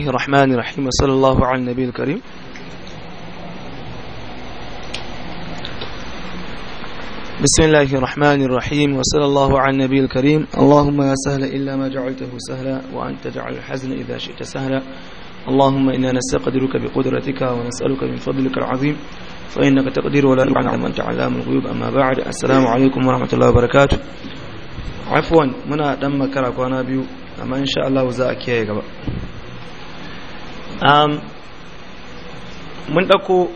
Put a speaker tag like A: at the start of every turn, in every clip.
A: الله الرحمن الرحيم وصلى الله على النبي الكريم بسم الله الرحمن الرحيم وصلى الله على النبي الكريم اللهم يا سهل إلا ما جعلته سهلا وأنت تجعل الحزن إذا شئت سهلا اللهم إنا نستقدرك بقدرتك ونسألك من فضلك العظيم فإنك تقدر ولا تعلم أنت علام الغيوب أما بعد السلام عليكم ورحمة الله وبركاته عفوا منا دم كرا بيو أما إن شاء الله وزاكيه kiyaye Um, mun ɗauko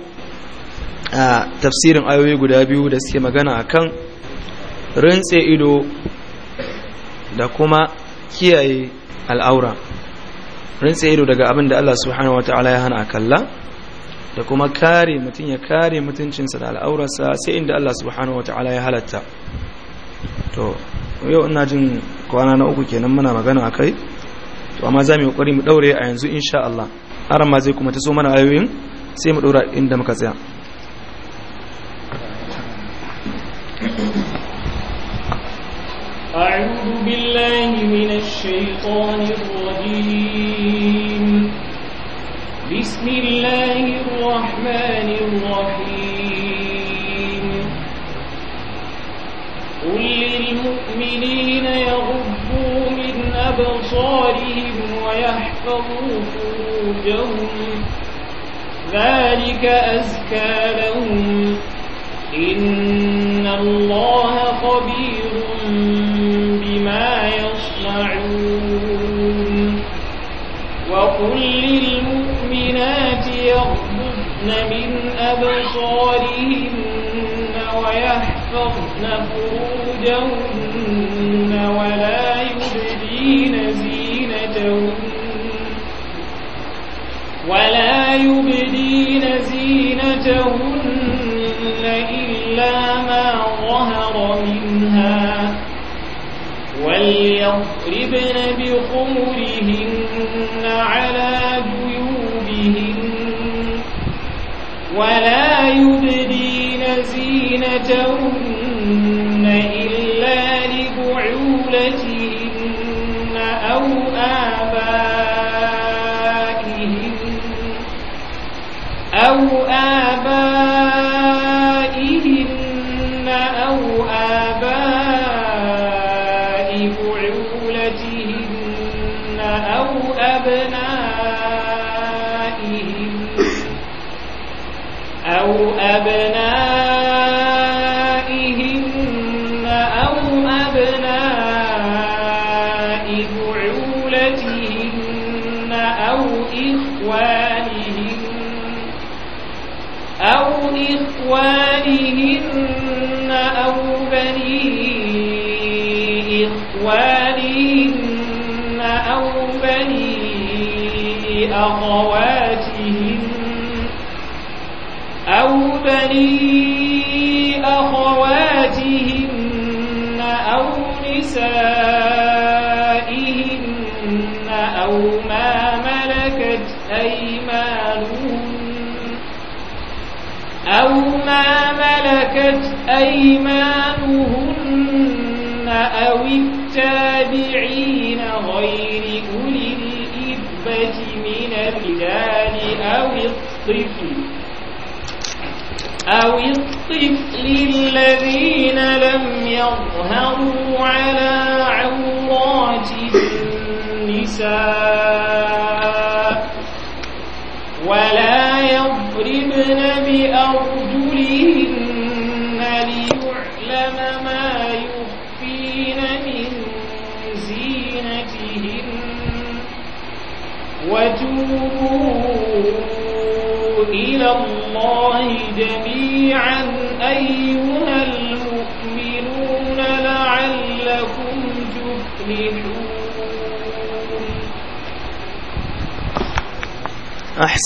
A: a tafsirin ayoyi guda biyu da suke magana a kan rintse ido da kuma kiyaye al'aura rintse ido daga abin da Allah subhanahu wata'ala ya hana a kalla da kuma kare mutum ya kare mutuncinsa da al'aurarsa sai inda Allah subhanahu wata'ala ya halatta to yau ina jin kwana na uku kenan muna magana a kai to amma za mu yi ƙwari mu ɗaure a yanzu insha Allah aran ma zai kuma ta so mana ayoyin sai mu ɗora inda muka tsaya
B: أعوذ بالله من الشيطان الرجيم بسم الله الرحمن الرحيم للمؤمنين يغضوا من أبصارهم ويحفظوا فروجهم ذلك أزكى لهم إن الله خبير بما يصنعون وقل للمؤمنات يغضبن من أبصارهن ويحفظن فروجهن يخرجن ولا يبدين زينتهن ولا يبدين زينتهن إلا ما ظهر منها وليضربن بخمرهن على جيوبهن ولا يبدين زينتهن لبعولتهن أو آبائهن الإنسان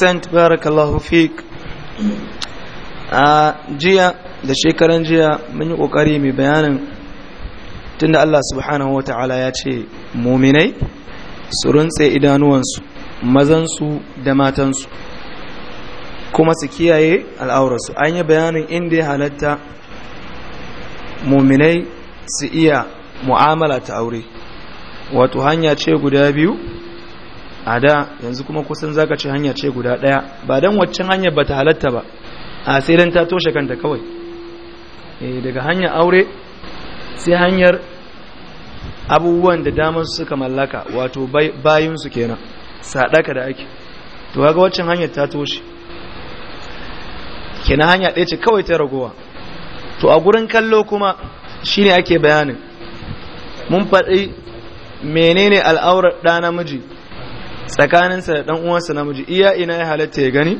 A: ahsant barakallahu fik a jiya da shekaran jiya mun yi kokari mai bayanin tunda Allah subhanahu wata'ala ya ce muminai su runtse idanuwansu mazansu da matansu kuma su kiyaye al'aurarsu an yi bayanin inda ya halatta muminai su iya mu'amala ta aure wato hanya ce guda biyu a da yanzu kuma kusan zaka ce hanya ce guda daya ba dan waccan hanyar bata halatta ba a sai dan ta toshe kanta kawai eh, daga hanyar aure sai hanyar abubuwan da damar su suka mallaka wato bayin su kenan sadaka da ake to kaga waccan hanyar ta toshe kenan hanya ɗaya ce kawai ta ragowa to a gurin kallo kuma shine ake bayanin mun faɗi menene al'aurar ɗa namiji tsakaninsa da dan uwansa namiji iya ina ya halatta ya gani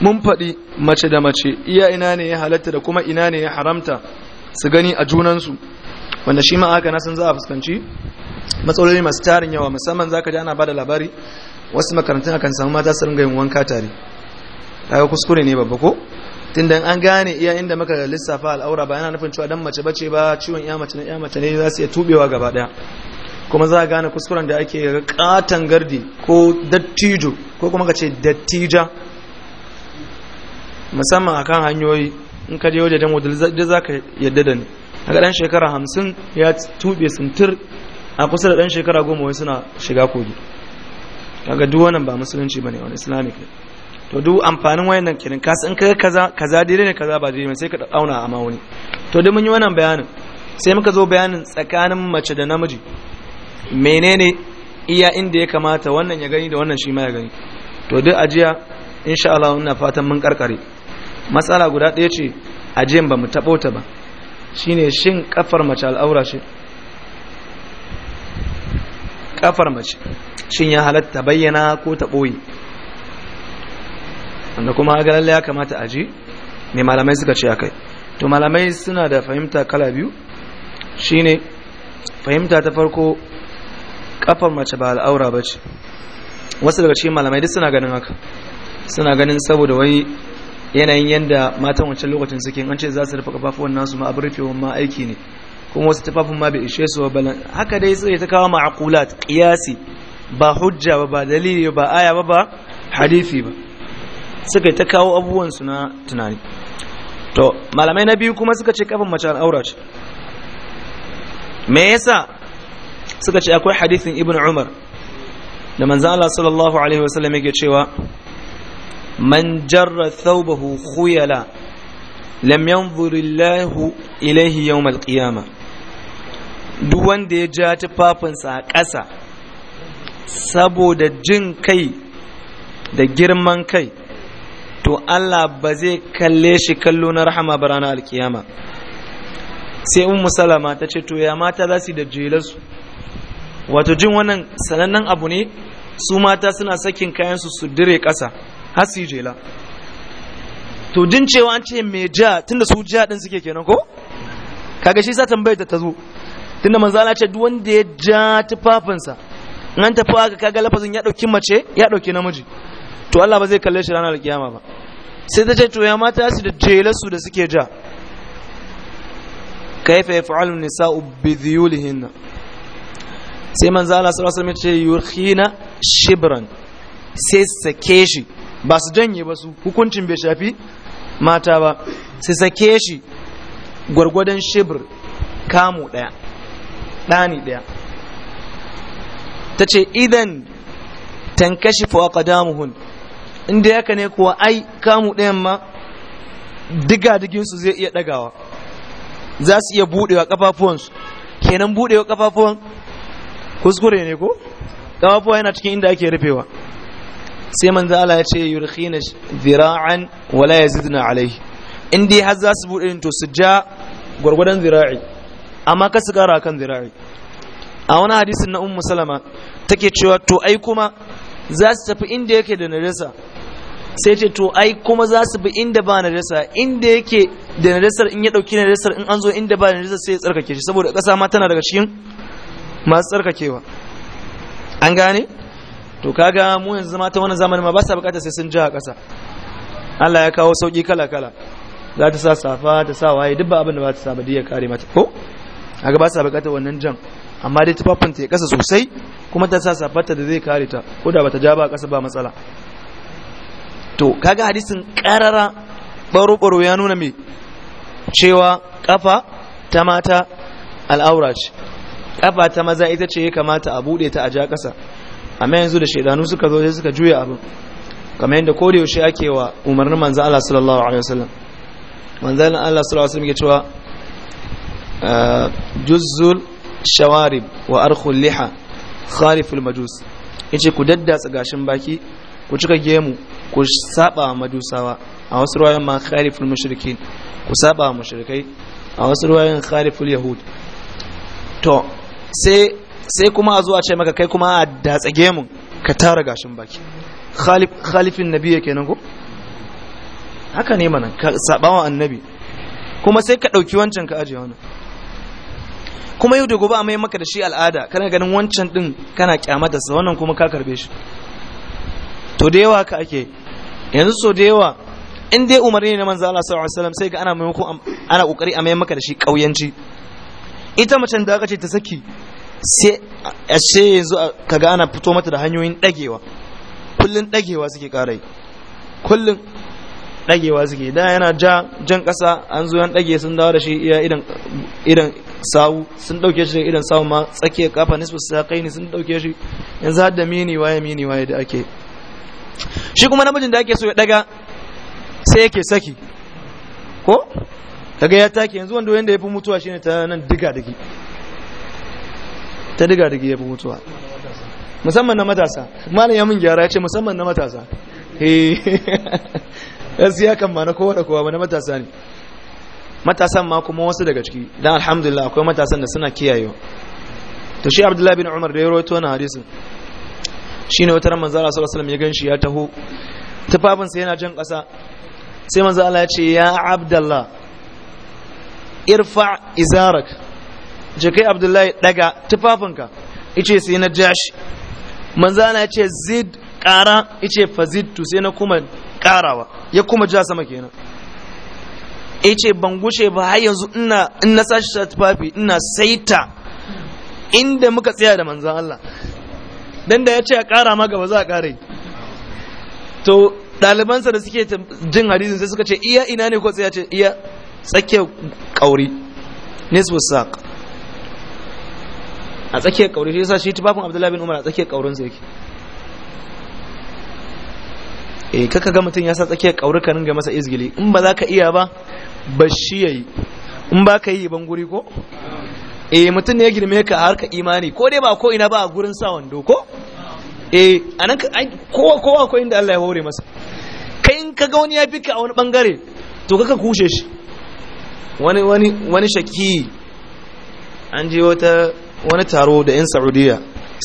A: mun faɗi mace da mace iya ina ne ya halatta da kuma ina ne ya haramta su gani a junansu wanda shi ma aka na san za a fuskanci matsaloli masu tarin yawa musamman zaka ji ana bada labari wasu makarantun akan samu mata su ringa yin wanka tare kaga kuskure ne babba ko tunda an gane iya inda muka lissafa al'aura ba yana nufin cewa dan mace bace ba ciwon iya mace na iya mace ne za su iya tubewa gaba daya kuma za a gane kuskuren da ake katan gardi ko dattijo ko kuma ka ce dattija musamman akan hanyoyi in ka je waje dan wadda za ka yadda da ni a ɗan shekara hamsin ya tuɓe sintir a kusa da ɗan shekara goma wai suna shiga kogi kaga duk wannan ba musulunci bane wani islamic ne to duk amfanin wayannan kirin kasu in kai kaza kaza daidai ne kaza ba daidai ne sai ka auna a mawuni to duk mun yi wannan bayanin sai muka zo bayanin tsakanin mace da namiji menene iya inda ya kamata wannan ya gani da wannan shi ma ya gani to duk ajiya insha Allah ina fatan mun karkare matsala guda ɗaya ce ajiyan ba mu taɓo ta ba shine shin kafar mace al'aura ce kafar mace shin ya halatta bayyana ko ta boye wanda kuma ga lalle ya kamata aji ne malamai suka ce akai to malamai suna da fahimta kala biyu shine fahimta ta farko kafar mace ba al'aura ba ce wasu daga cikin malamai duk suna ganin haka suna ganin saboda wai yanayin yadda matan wancan lokacin suke an ce za su rufe kafafuwan nasu ma abin rufewa ma aiki ne kuma wasu tafafin ma bai ishe su ba haka dai sai ta kawo ma'aqulat qiyasi ba hujja ba ba dalili ba aya ba ba hadisi ba suka ta kawo abubuwan su na tunani to malamai na biyu kuma suka ce kafin mace al'aura ce me yasa suka ce akwai hadithin ibn umar da manzo Allah sallallahu alaihi wasallam yake cewa man jarra thawbahu khuyala lam yanzur Allah ilayhi yawm al-qiyamah duk wanda ya ja tufafinsa a ƙasa saboda jin kai da girman kai to Allah ba zai kalle shi kallo na rahama ba ranar alkiyama sai ummu salama ta ce to ya mata za su da jelarsu wato jin wannan sanannen abu ne su mata suna sakin kayansu su dire ƙasa har su jela to jin cewa an ce mai ja tunda su ja din suke kenan ko kaga shi sa tambayar ta tazo tunda manzo Allah ce duk wanda ya ja tufafinsa an tafi haka kaga lafazin ya dauki mace ya dauki namiji to Allah ba zai kalle shi ranar kiyama ba sai ta ce to ya mata su da su da suke ja kaifa yaf'alu nisa'u bi dhiyulihinna sai manzo Allah sallallahu alaihi wasallam ya ce yurkhina shibran sai sake shi ba su janye ba su hukuncin bai shafi mata ba sai sake shi gwargwadon shibr kamu daya ɗani daya ta idan tankashi fa qadamuhun inda yaka ne kuwa ai kamu ɗaya ma diga diginsu zai iya ɗagawa za su iya buɗewa kafafuwansu kenan buɗewa kafafuwan. kuskure ne ko kafafuwa yana cikin inda ake rufewa sai manzo Allah ya ce yurkhina zira'an wala yazidna alayhi in dai har za su bude to su ja gurgudan zira'i amma ka su kara kan zira'i a wani hadisin na ummu salama take cewa to ai kuma za su tafi inda yake da najasa sai ce to ai kuma za su bi inda ba najasa inda yake da najasar in ya dauki najasar in an zo inda ba najasa sai ya tsarkake shi saboda kasa ma tana daga cikin masu tsarkakewa an gane to kaga mu yanzu zama ta wani zamanin ma ba sa bukata sai sun ji a ƙasa Allah ya kawo sauki kala kala za ta sa safa ta sa waye duk ba abin da ba ta sa ba ya kare mata ko kaga ba sa bukata wannan jan amma dai tufafin ta ya ƙasa sosai kuma ta sa safarta da zai kare ta ko da bata ja ba ƙasa ba matsala to kaga hadisin ƙarara baro-baro ya nuna mai cewa ƙafa ta mata al'aura ce kafa ta maza ita ce ya kamata a bude ta a ja kasa amma yanzu da shaidanu suka zo sai suka juya abin kamar yadda ko da yaushe ake wa umarnin manzo Allah sallallahu alaihi wasallam manzo Allah sallallahu alaihi wasallam ya cewa ah, juzzul shawarib wa arkhul liha khariful majus yace ku daddatsa gashin baki ku cika gemu ku saba madusawa a wasu ruwayan ma khariful mushrikin ku saba mushrikai a wasu ruwayan khariful yahud to sai kuma a zuwa ce maka kai kuma a datsage mu ka tara gashin baki khalifin nabi yake nan ko haka ne mana ka sabawa annabi kuma sai ka dauki wancan ka ajiye wani kuma yau da gobe a mai maka da shi al'ada kana ganin wancan din kana kyamata sa wannan kuma ka karbe shi to da yawa ka ake yanzu so da yawa in dai umarni ne na manzo Allah sallallahu alaihi wasallam sai ga ana maimakon ana kokari a mai maka da shi kauyanci ita macen da aka ce ta saki sai yanzu ka ga ana fito mata da hanyoyin dagewa kullun dagewa suke karai kullun dagewa suke da yana ja jan kasa an zo yan dage sun dawo da shi iya idan idan sawu sun dauke shi idan sawu ma tsakiyar kafa nisbu sakai ne sun dauke shi yanzu har da mini waye mini waye da ake shi kuma namijin da ake so ya daga sai yake saki ko kaga ya take yanzu wanda wanda ya fi mutuwa shine ta nan diga digi ta diga digi ya fi mutuwa musamman na matasa malam ya mun gyara ya ce musamman na matasa eh siya kan ma na kowa da kowa ba na matasa ne matasan ma kuma wasu daga ciki dan alhamdulillah akwai matasan da suna kiyayewa to shi abdullahi bin umar da ya rawaito wannan hadisin shine wata ran manzara Allah sallallahu alaihi ya ganshi ya taho tufafinsa yana jan ƙasa sai manzo Allah ya ce ya abdullahi irfa izarak je kai abdullahi daga tufafinka ice sai na jashi manzana ya ce zid ƙara ice fazidtu sai na kuma karawa. ya kuma ja sama kenan ice ban gushe ba har yanzu ina in na sashi tufafi ina saita inda muka tsaya da manzan Allah dan da ya ce a kara ma gaba za a kare to dalibansa da suke jin hadisin sai suka ce iya ina ne ko tsaya ce iya tsakiyar kauri nisbu saq a tsakiyar kauri shi yasa shi tubabin abdullahi bin umar a tsakiyar kaurin sa yake eh kaka ga mutum ya sa tsakiyar kauri ka ringa masa izgili in ba za ka iya ba ba shi yayi in ba ka yi ban guri ko eh mutum ne ya girme ka a harka imani ko dai ba ko ina ba a gurin sa wando ko eh anan kowa kowa akwai inda Allah ya hore masa kai in ka ga wani ya fi ka a wani bangare to kaka kushe shi wani wani wani shaki an je wata wani taro da yan saudiya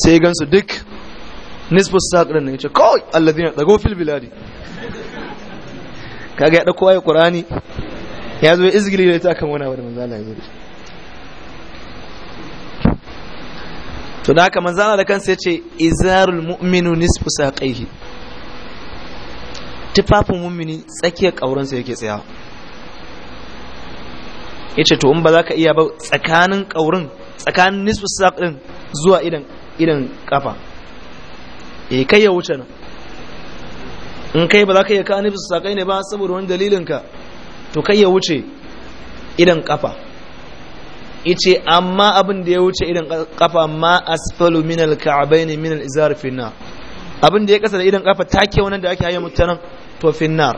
A: sai gansu duk nisbus saqran ne yace kawai alladina dago fil biladi kaga ya dauko ayi qur'ani ya zo izgili da ta kan wani abu da manzo Allah ya zo to da haka manzo Allah da kansa yace izarul mu'minu nisfu saqihi tufafin mu'mini tsakiyar kauransa yake tsayawa yace to in ba za ka iya ba tsakanin ƙaurin tsakanin nisfu sa din zuwa idan idan kafa eh kai ya wuce nan in kai ba za ka iya ka nisfu kai ne ba saboda wani dalilin ka to kai ya wuce idan kafa yace amma abin da ya wuce idan kafa ma asfalu min al-ka'bayn min al-izar fi abin da ya kasa da idan kafa take wannan da ake haye nan to fi nar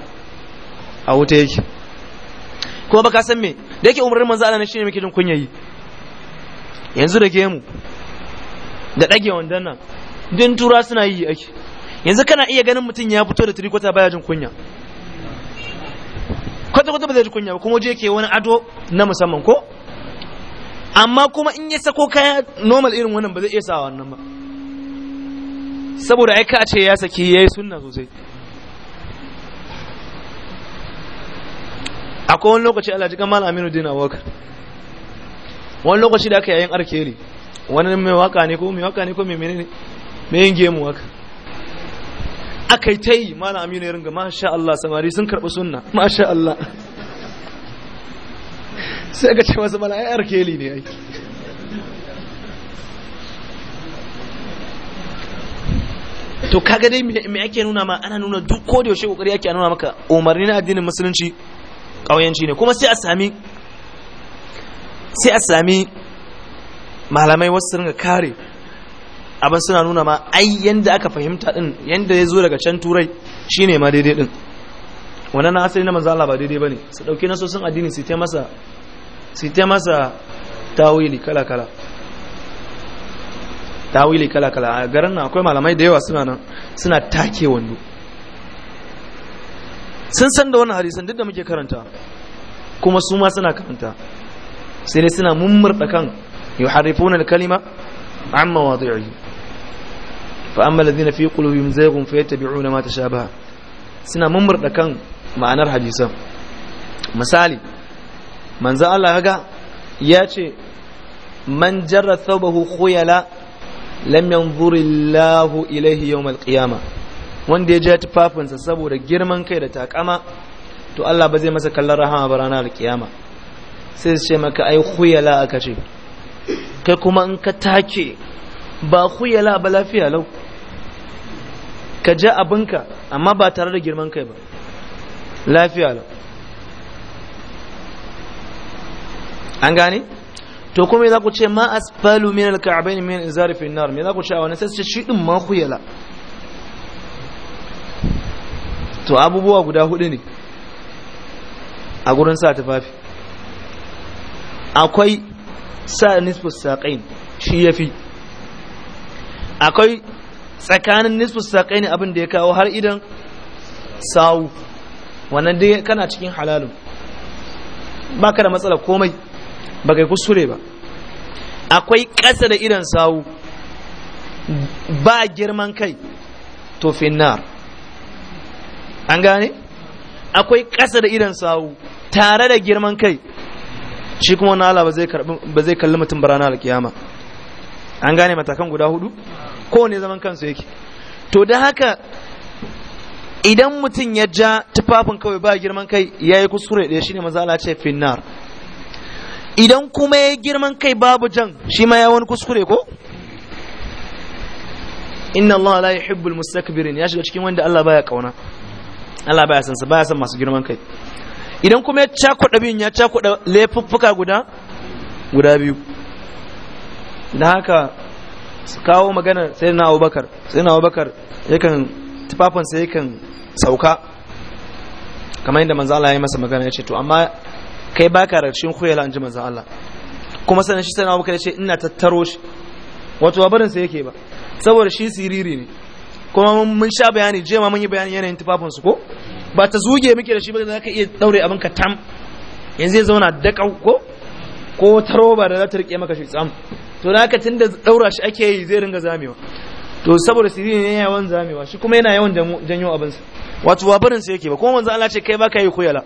A: a wuta yake kuma baka san me da yake umarnin manzo Allah ne shine muke jin kunya yi yanzu da gemu da dage wandan nan din tura suna yi ake yanzu kana iya ganin mutum ya fito da trikota baya jin kunya kwata kwata ba zai ji kunya ba kuma je ke wani ado na musamman ko amma kuma in ya sako kaya normal irin wannan ba zai iya sa wannan ba saboda ai ka ce ya saki yayi sunna sosai akwai wani lokaci Alhaji jikan mal aminu din abubakar wani lokaci da aka yayin arkeli wani mai waka ne ko mai waka ne ko mai menene mai yin gemu waka aka yi ta yi malam aminu ya ringa masha Allah samari sun karɓi sunna masha Allah sai ka ce masa malam ai arkeli ne aiki to kaga dai me ake nuna ma ana nuna duk ko da yaushe kokari ake nuna maka umarni na addinin musulunci ƙauyanci ne kuma sai a sami sai a sami malamai wasu ringa kare abin suna nuna ma ai yanda aka fahimta din yanda ya zo daga can turai shine ma daidai din wannan na asali na manzo Allah ba daidai bane su dauki nasosin addini su ta masa su tawili kala kala tawili kala kala a garin nan akwai malamai da yawa suna nan suna take wando sun san da wannan hadisan duk da muke karanta kuma su ma suna karanta sai dai suna mummurda kan yuharrifuna al-kalima an mawadi'i fa amma alladhina fi qulubihim zayghun fayattabi'una ma tashabaha suna mummurda kan ma'anar hadisan misali manzo Allah kaga ya ce man jarra thawbahu khuyala lam yanzur Allahu ilayhi yawm qiyamah wanda ya ji tufafinsa saboda girman kai da takama to Allah ba zai masa kallon rahama ba ranar alkiyama sai su ce maka ai khuyala aka ce kai kuma in ka take ba khuyala ba lafiya lau ka ja abinka amma ba tare da girman kai ba lafiya lau an gane to kuma za ku ce ma asfalu min alka'abain min izarifin nar me za ku ce a wannan sai su ce shi din ma khuyala To abubuwa guda hudu ne a gurin sa tufafi akwai sa nisfus saƙain shi ya fi akwai tsakanin nisfus saƙain abin da ya kawo har idan sawu wannan dai kana cikin halalu ba ka da matsala komai ba kai kusure ba akwai ƙasa da idan sawu ba girman kai to finnar an gane akwai ƙasa da idan sawu tare da girman kai shi kuma wani ala ba zai kalli mutum ba da kiyama an gane matakan guda hudu kowane zaman kansu yake to da haka idan mutum ya ja tufafin kawai ba girman kai ya yi kuskure da shi ne mazala ce finnar idan kuma ya girman kai babu jan shi ma ya wani kuskure ko inna Allah la yuhibbul mustakbirin ya shiga cikin wanda Allah baya kauna Allah baya san su baya san masu girman kai idan kuma ya cakuɗa biyun ya cakuɗa laifuffuka guda guda biyu da haka su kawo magana sai na abubakar sai na abubakar yakan sai yakan sauka kamar yadda manzo Allah ya masa magana ya ce to amma kai baka da cikin khuyala an ji manzo Allah kuma sanan shi sai na abubakar ya ce ina tattaro shi wato ba barin sa yake ba saboda shi siriri ne kuma mun sha bayani jema mun yi bayani yanayin tufafin su ko ba ta zuge muke da shi ba za ka iya daure abin ka tam yanzu ya zauna dakau ko ko ta roba da za ta rike maka shi tsam to da haka tunda daura shi ake yi zai ringa zamewa to saboda sirri ne yawan zamewa shi kuma yana yawan janyo abin sa wato wa barin sa yake ba kuma manzo Allah ce kai ba ka yi kuyala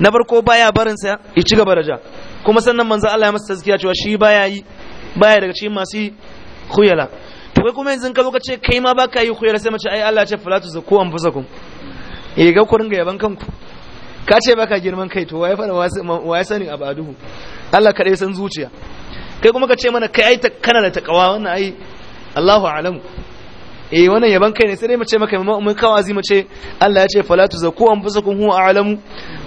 A: na farko baya barin sa ya ci gaba da ja kuma sannan manzo Allah ya masa tazkiya cewa shi baya yi baya daga cikin masu kuyala to kai kuma yanzu ka zo ka ce kai ma baka yi khuyar sai mace ai Allah ya ce falatu fusa ku eh ga ku ringa yaban kanku ka ce baka girman kai to waye fara waye sani abaduhu Allah kadai san zuciya kai kuma ka ce mana kai ai kana da takawa wannan ai Allahu a'lam eh wannan yaban kai ne sai dai mace maka mai kawo azima mace. Allah ya ce Falatu za ku an fusa ku huwa a'lamu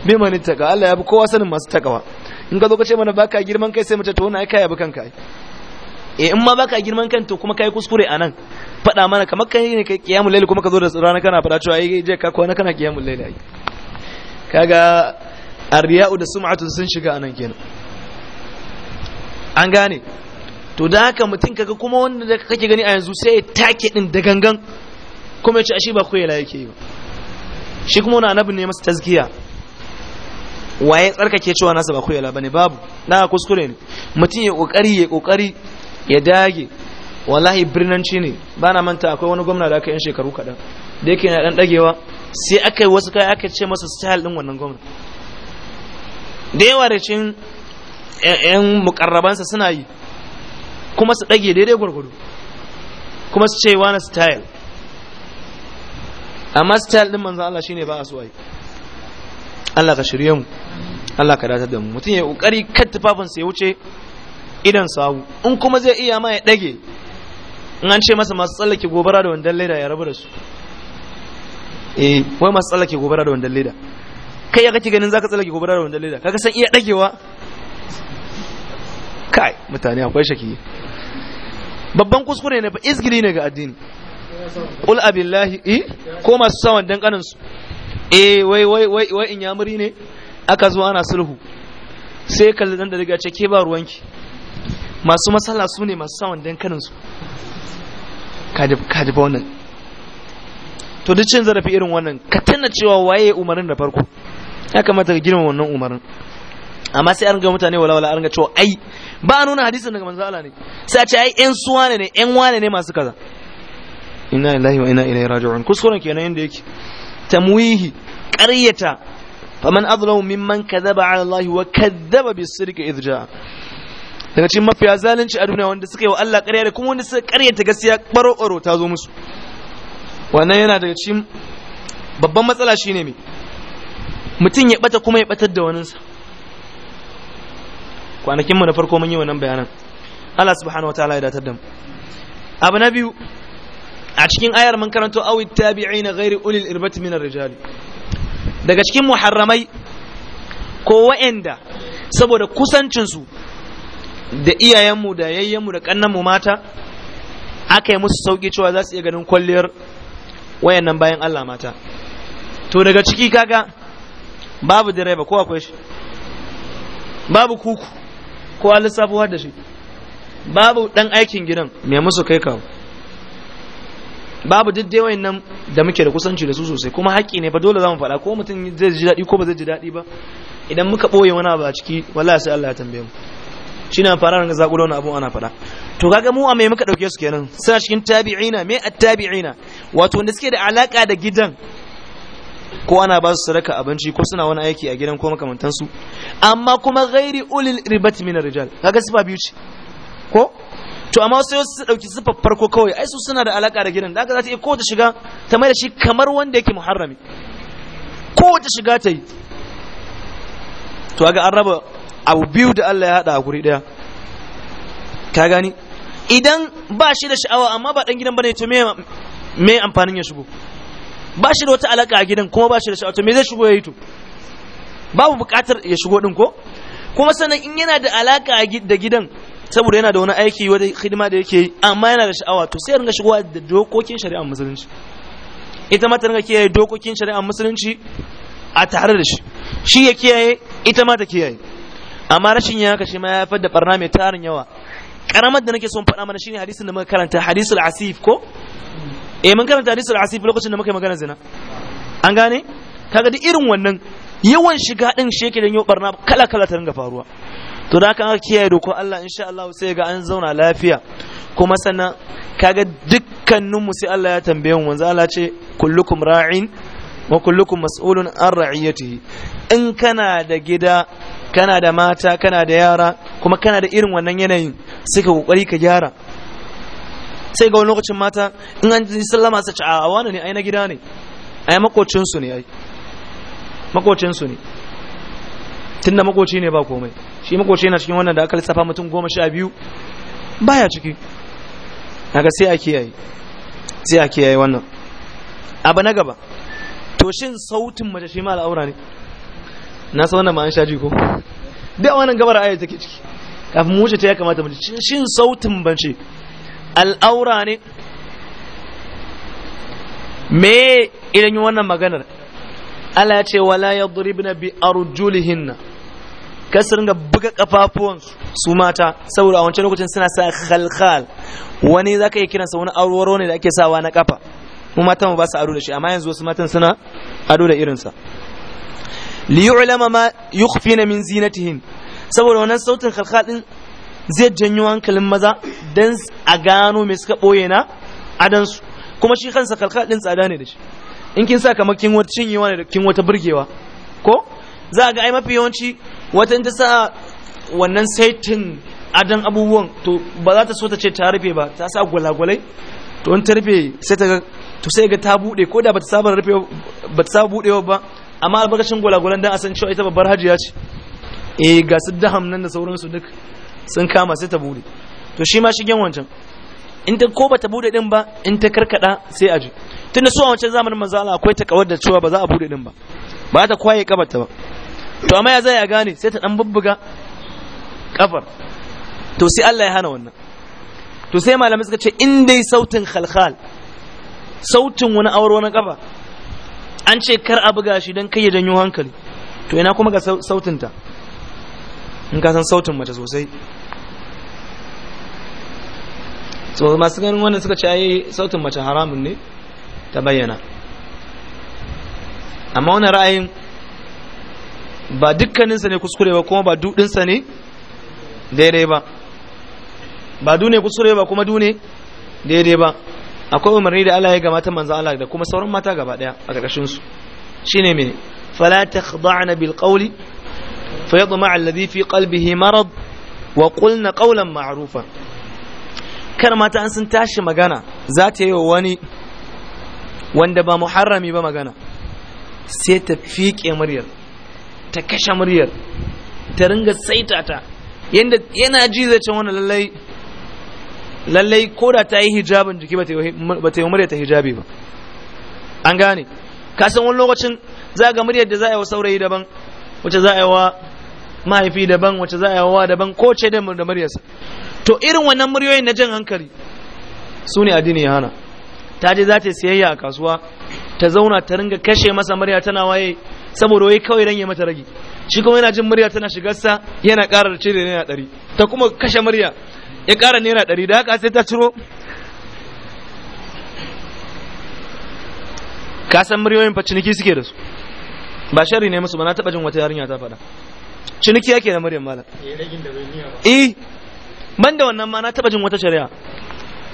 A: biman ittaka Allah ya bi kowa sanin masu takawa in ka zo ka ce mana baka girman kai sai mace to wannan ai kai yabi kanka ai eh in ma baka girman kanta kuma kai kuskure anan faɗa mana kamar kai ne kai kiyamul laili kuma ka zo da rana kana fada cewa ai je ka kwana kana kiyamul laili ai kaga arriya'u da sum'atu sun shiga anan kenan an gane to da haka mutum kaga kuma wanda da kake gani a yanzu sai ya take din da gangan kuma ya ce ashe ba koyela yake yi ba shi kuma wani annabi ne masa tazkiya waye tsarkake cewa nasa ba koyela bane babu na kuskure ne mutum ya kokari ya kokari ya dage wallahi birnanci ne ba na manta akwai wani gwamna da aka yin shekaru kaɗan da yake na ɗan ɗagewa sai aka yi wasu kai aka ce masa style ɗin wannan gwamna da yawa da cin yan mukarrabansa suna yi kuma su ɗage daidai gwargwado kuma su ce wani style amma style ɗin manzan Allah shine ba a so a yi Allah ka shirye mu Allah ka datar da mu mutum ya ƙoƙari kan tufafinsa ya wuce idan sawu in kuma zai iya ma ya dage. in an ce masa masu tsallake gobara da wandan leda ya rabu da su eh wai masu tsallake gobara da wandan leda kai ya kake ganin zaka tsallake gobara da wandan leda kaga san iya dagewa kai mutane akwai shaki babban kuskure ne fa izgili ne ga addini qul abillahi eh ko masu sawan wandan kanin su eh wai wai wai wai in yamuri ne aka zo ana sulhu sai kalli da riga ce ke ba ruwanki masu matsala su ne masu sawan don kaninsu kadiba wannan to duk cin zarafi irin wannan ka tana cewa waye umarin da farko ya kamata ka girma wannan umarin amma sai an ga mutane wala wala an ga cewa ai ba a nuna hadisin daga manzo Allah ne sai a ce ai yan suwa ne yan wane ne masu kaza inna lillahi wa inna ilaihi raji'un kuskuren kenan yanda yake tamwihi qaryata faman adlamu mimman kadhaba ala Allah wa kadhaba bis-sidqi idh daga cikin mafiya zalunci a duniya wanda suka yi wa Allah ƙarya da kuma wanda suka ƙaryata gaskiya baro-baro ta zo musu wannan yana daga cikin babban matsala shine me mutum ya bata kuma ya batar da waninsa kwanakin mu na farko mun yi wannan bayanan Allah subhanahu Taala ya datar da mu abu na biyu a cikin ayar mun karanto awi tabi'ina ghairi ulil irbati min ar-rijal daga cikin muharramai ko wa'anda saboda kusancin su da iyayenmu da yayyenmu da kannanmu mata aka yi musu sauki cewa za su iya ganin kwalliyar wayannan bayan Allah mata to daga ciki kaga babu direba ko akwai shi babu kuku ko an da shi babu dan aikin gidan mai musu kai kawo babu dai wayannan da muke da kusanci da su sosai kuma haƙƙi ne ba dole za mu faɗa ko mutum zai ji daɗi ko ba zai ji daɗi ba idan muka ɓoye wani abu a ciki wallahi sai Allah ya tambaye mu shine fara fara ga zakulo wani abu ana fada to kaga mu a me muka dauke su kenan suna cikin tabi'ina me at-tabi'ina wato wanda suke da alaka da gidan ko ana ba su sadaka abinci ko suna wani aiki a gidan ko makamantansu amma kuma ghairi ulil ribat min rijal kaga sifa biyu ce ko to amma sai su dauki sifar farko kawai ai su suna da alaka da gidan daga za ta iya ko ta shiga ta mai da shi kamar wanda yake muharrami ko ta shiga ta yi to ga an raba abu biyu da Allah ya hada a guri daya ka gani idan ba shi da sha'awa amma ba dan gidan bane to me me amfanin ya shigo ba shi da wata alaka a gidan kuma ba shi da sha'awa to me zai shigo yayi to babu buƙatar ya shigo din ko kuma sannan in yana da alaka da gidan saboda yana da wani aiki wani hidima da yake yi amma yana da sha'awa to sai ya ringa shigowa da dokokin shari'ar musulunci ita ma ta ringa kiyaye dokokin shari'ar musulunci a tare da shi shi ya kiyaye ita ma ta kiyaye amma rashin ya haka shi ma ya haifar da barna mai tarin yawa karamar da nake son faɗa mana shine hadisin da muka karanta hadisul asif ko eh mun karanta hadisul asif lokacin da muka yi magana zina an gane kaga duk irin wannan yawan shiga din shi yake janyo barna kala kala ta ringa faruwa to da haka aka kiyaye doko Allah insha Allah sai ga an zauna lafiya kuma sannan kaga dukkaninmu sai Allah ya tambaye mu manzo Allah ce kullukum ra'in wa kullukum mas'ulun an ra'iyatihi in kana da gida kana da mata kana da yara kuma kana da irin wannan yanayin sai ka kokari ka gyara sai ga wani lokacin mata in an ji sallama su ci a wani ne ai na gida ne ai makocin su ne ai makocin su ne tunda makoci ne ba komai shi makoci yana cikin wannan da aka lissafa mutum goma sha biyu baya ciki daga sai a kiyaye sai a kiyaye wannan abu na gaba to shin sautin mace shi ma al'aura ne na san wannan ma an shaji ko duk wannan gabar ayyuka take ciki kafin mu wuce ta ya kamata mu ci shin sautin bance al'aura ne me idan yi wannan maganar Allah ya ce wala yadribna bi arjulihinna kasar ga buga kafafuwan su mata saboda a wancan lokacin suna sa khalkhal wani zaka yi kiransa wani aurwaro ne da ake sawa na kafa mu mu ba su ado da shi amma yanzu wasu matan suna ado da irinsa li yu'lama ma yukhfina min zinatihin saboda wannan sautin khalkha din zai janyo hankalin maza dan a gano me suka boye na adan su kuma shi kansa khalkha din tsada ne da shi in kin sa kamar kin wata cinyewa ne da kin wata burgewa ko za ga ai mafi yawanci wata ta sa wannan saitin adan abubuwan to ba za ta so ta ce ta rufe ba ta sa gwalagwalai to in ta rufe sai ta to sai ga ta bude ko da ba ta saba rufe ba ta saba budewa ba amma albarkacin gwalagwalan dan asan cewa ita babbar hajiya ce eh ga su daham nan da sauransu duk sun kama sai ta bude to shi ma shigen wancan in ta ko bata bude din ba in ta karkada sai a ji tunda su a wancan zamanin manzo Allah akwai ta kawar da cewa ba za a bude din ba ba ta kwaye kabarta ba to amma ya zai ya gane sai ta dan bubbuga kafar to sai Allah ya hana wannan to sai malamai suka ce in dai sautin khalkhal sautin wani aure wani kafa an ce kar a buga shi don kai ya janyo hankali to ina kuma ga sautinta in ka san sautin mace sosai so masu ganin wanda suka ce ayi sautin mace haramun ne ta bayyana amma wani ra'ayin ba dukkaninsa ne kuskure ba kuma ba dudinsa ne daidai ba ba dune kuskure ba kuma dune daidai ba akwai umarni da Allah ya ga matan manzon Allah da kuma sauran mata gaba daya a ƙarƙashin su shine me fala takhda'na bil qawli fayadma alladhi fi qalbihi marad wa qulna qawlan ma'rufa kar mata an sun tashi magana za ta yi wani wanda ba muharrami ba magana sai ta fiƙe muryar ta kashe muryar ta ringa saita ta yanda yana ji zai ce wani lallai lallai ko da ta yi hijabin jiki ba ta yi murya ta hijabi ba an gane ka san wani lokacin za ga muryar da za a yi wa saurayi daban wacce za a yi wa mahaifi daban wacce za a yi wa daban ko ce da muryarsa to irin wannan muryoyin na jan hankali su ne addini ya hana ta je za ta siyayya a kasuwa ta zauna ta ringa kashe masa murya tana waye saboda wai kawai dan ya mata rage shi kuma yana jin murya tana shigarsa yana ƙara da cire yana ɗari ta kuma kashe murya ya ƙara naira ɗari da haka sai ta ciro ka san muryoyin fa ciniki suke da su ba shari ne musu ba na taɓa jin wata yarinya ta faɗa ciniki yake da muryar malam eh, eh ban da wannan ma na taɓa jin wata shari'a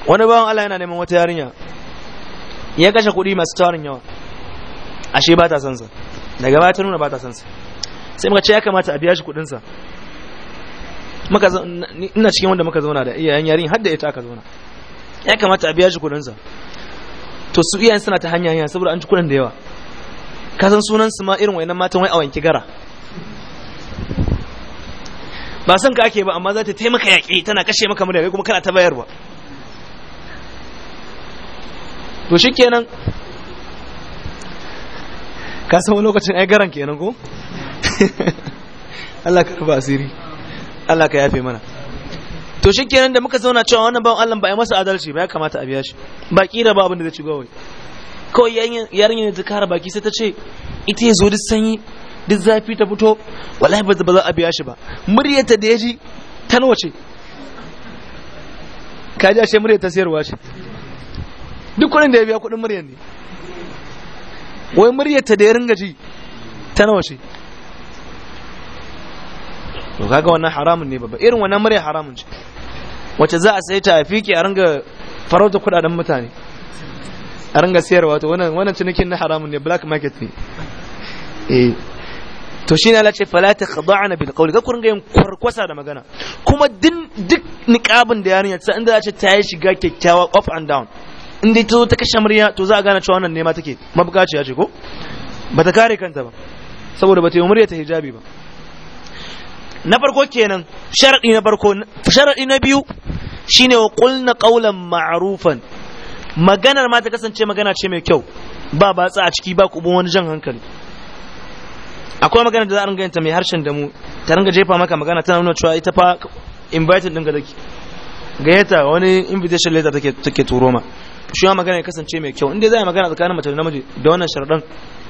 A: wani bawan Allah yana neman wata yarinya ya kashe kuɗi masu tarin yawa ashe ba ta san sa daga baya ta nuna ba ta san sa sai muka ce ya kamata a biya shi kuɗinsa muka ina cikin wanda muka zauna da iyayen yarin har da ita aka zauna ya kamata a biya shi kudin sa to su iyayen suna ta hanya hanya saboda an ci kudin da yawa ka san sunan su ma irin wayannan matan wai a wanki gara ba san ka ake ba amma za ta taimaka yaƙi tana kashe maka murya kuma kana ta bayarwa to shikenan ka san wani lokacin ai garan kenan ko Allah ka rufa asiri Allah ka yafe mana to kenan da muka zauna cewa wannan bawan Allah ba a masa adalci ba ya kamata a biya shi ba kira ba abin da zai ci gawai kawai yarinyar ta kara baki sai ta ce ita ya zo duk sanyi duk zafi ta fito wallahi ba za a biya shi ba muryarta da ya ji ta ce? ka ji ashe muryar ta sayarwa ce duk kudin da ya biya kudin muryar ne wai muryarta da ya ringa ji ta ce? to kaga wannan haramun ne babba irin wannan murya haramun ce wacce za a sai ta a fiki a ringa farauta kudaden mutane a ringa sayarwa to wannan wannan cinikin na haramun ne black market ne eh to shi ne lace fala khada'na bil qawl ka ku ringa yin kwarkwasa da magana kuma duk niqabin da yarinya sai inda zace ta yi shiga kyakkyawa up and down in to ta kashe murya to za a gane cewa wannan ne ma take mabukaciya ce ko ba ta kare kanta ba saboda ba yi murya ta hijabi ba na farko kenan sharadi na farko sharadi na biyu shine wa qulna qawlan ma'rufan maganar ma ta kasance magana ce mai kyau ba batsa a ciki ba kubun wani jan hankali akwai magana da za a ringa yin ta mai harshen da mu ta ringa jefa maka magana tana nuna cewa ita fa invited din ga dake gayyata wani invitation letter take take turo ma shi ma magana ya kasance mai kyau inda za a magana tsakanin mace da namiji da wannan sharadan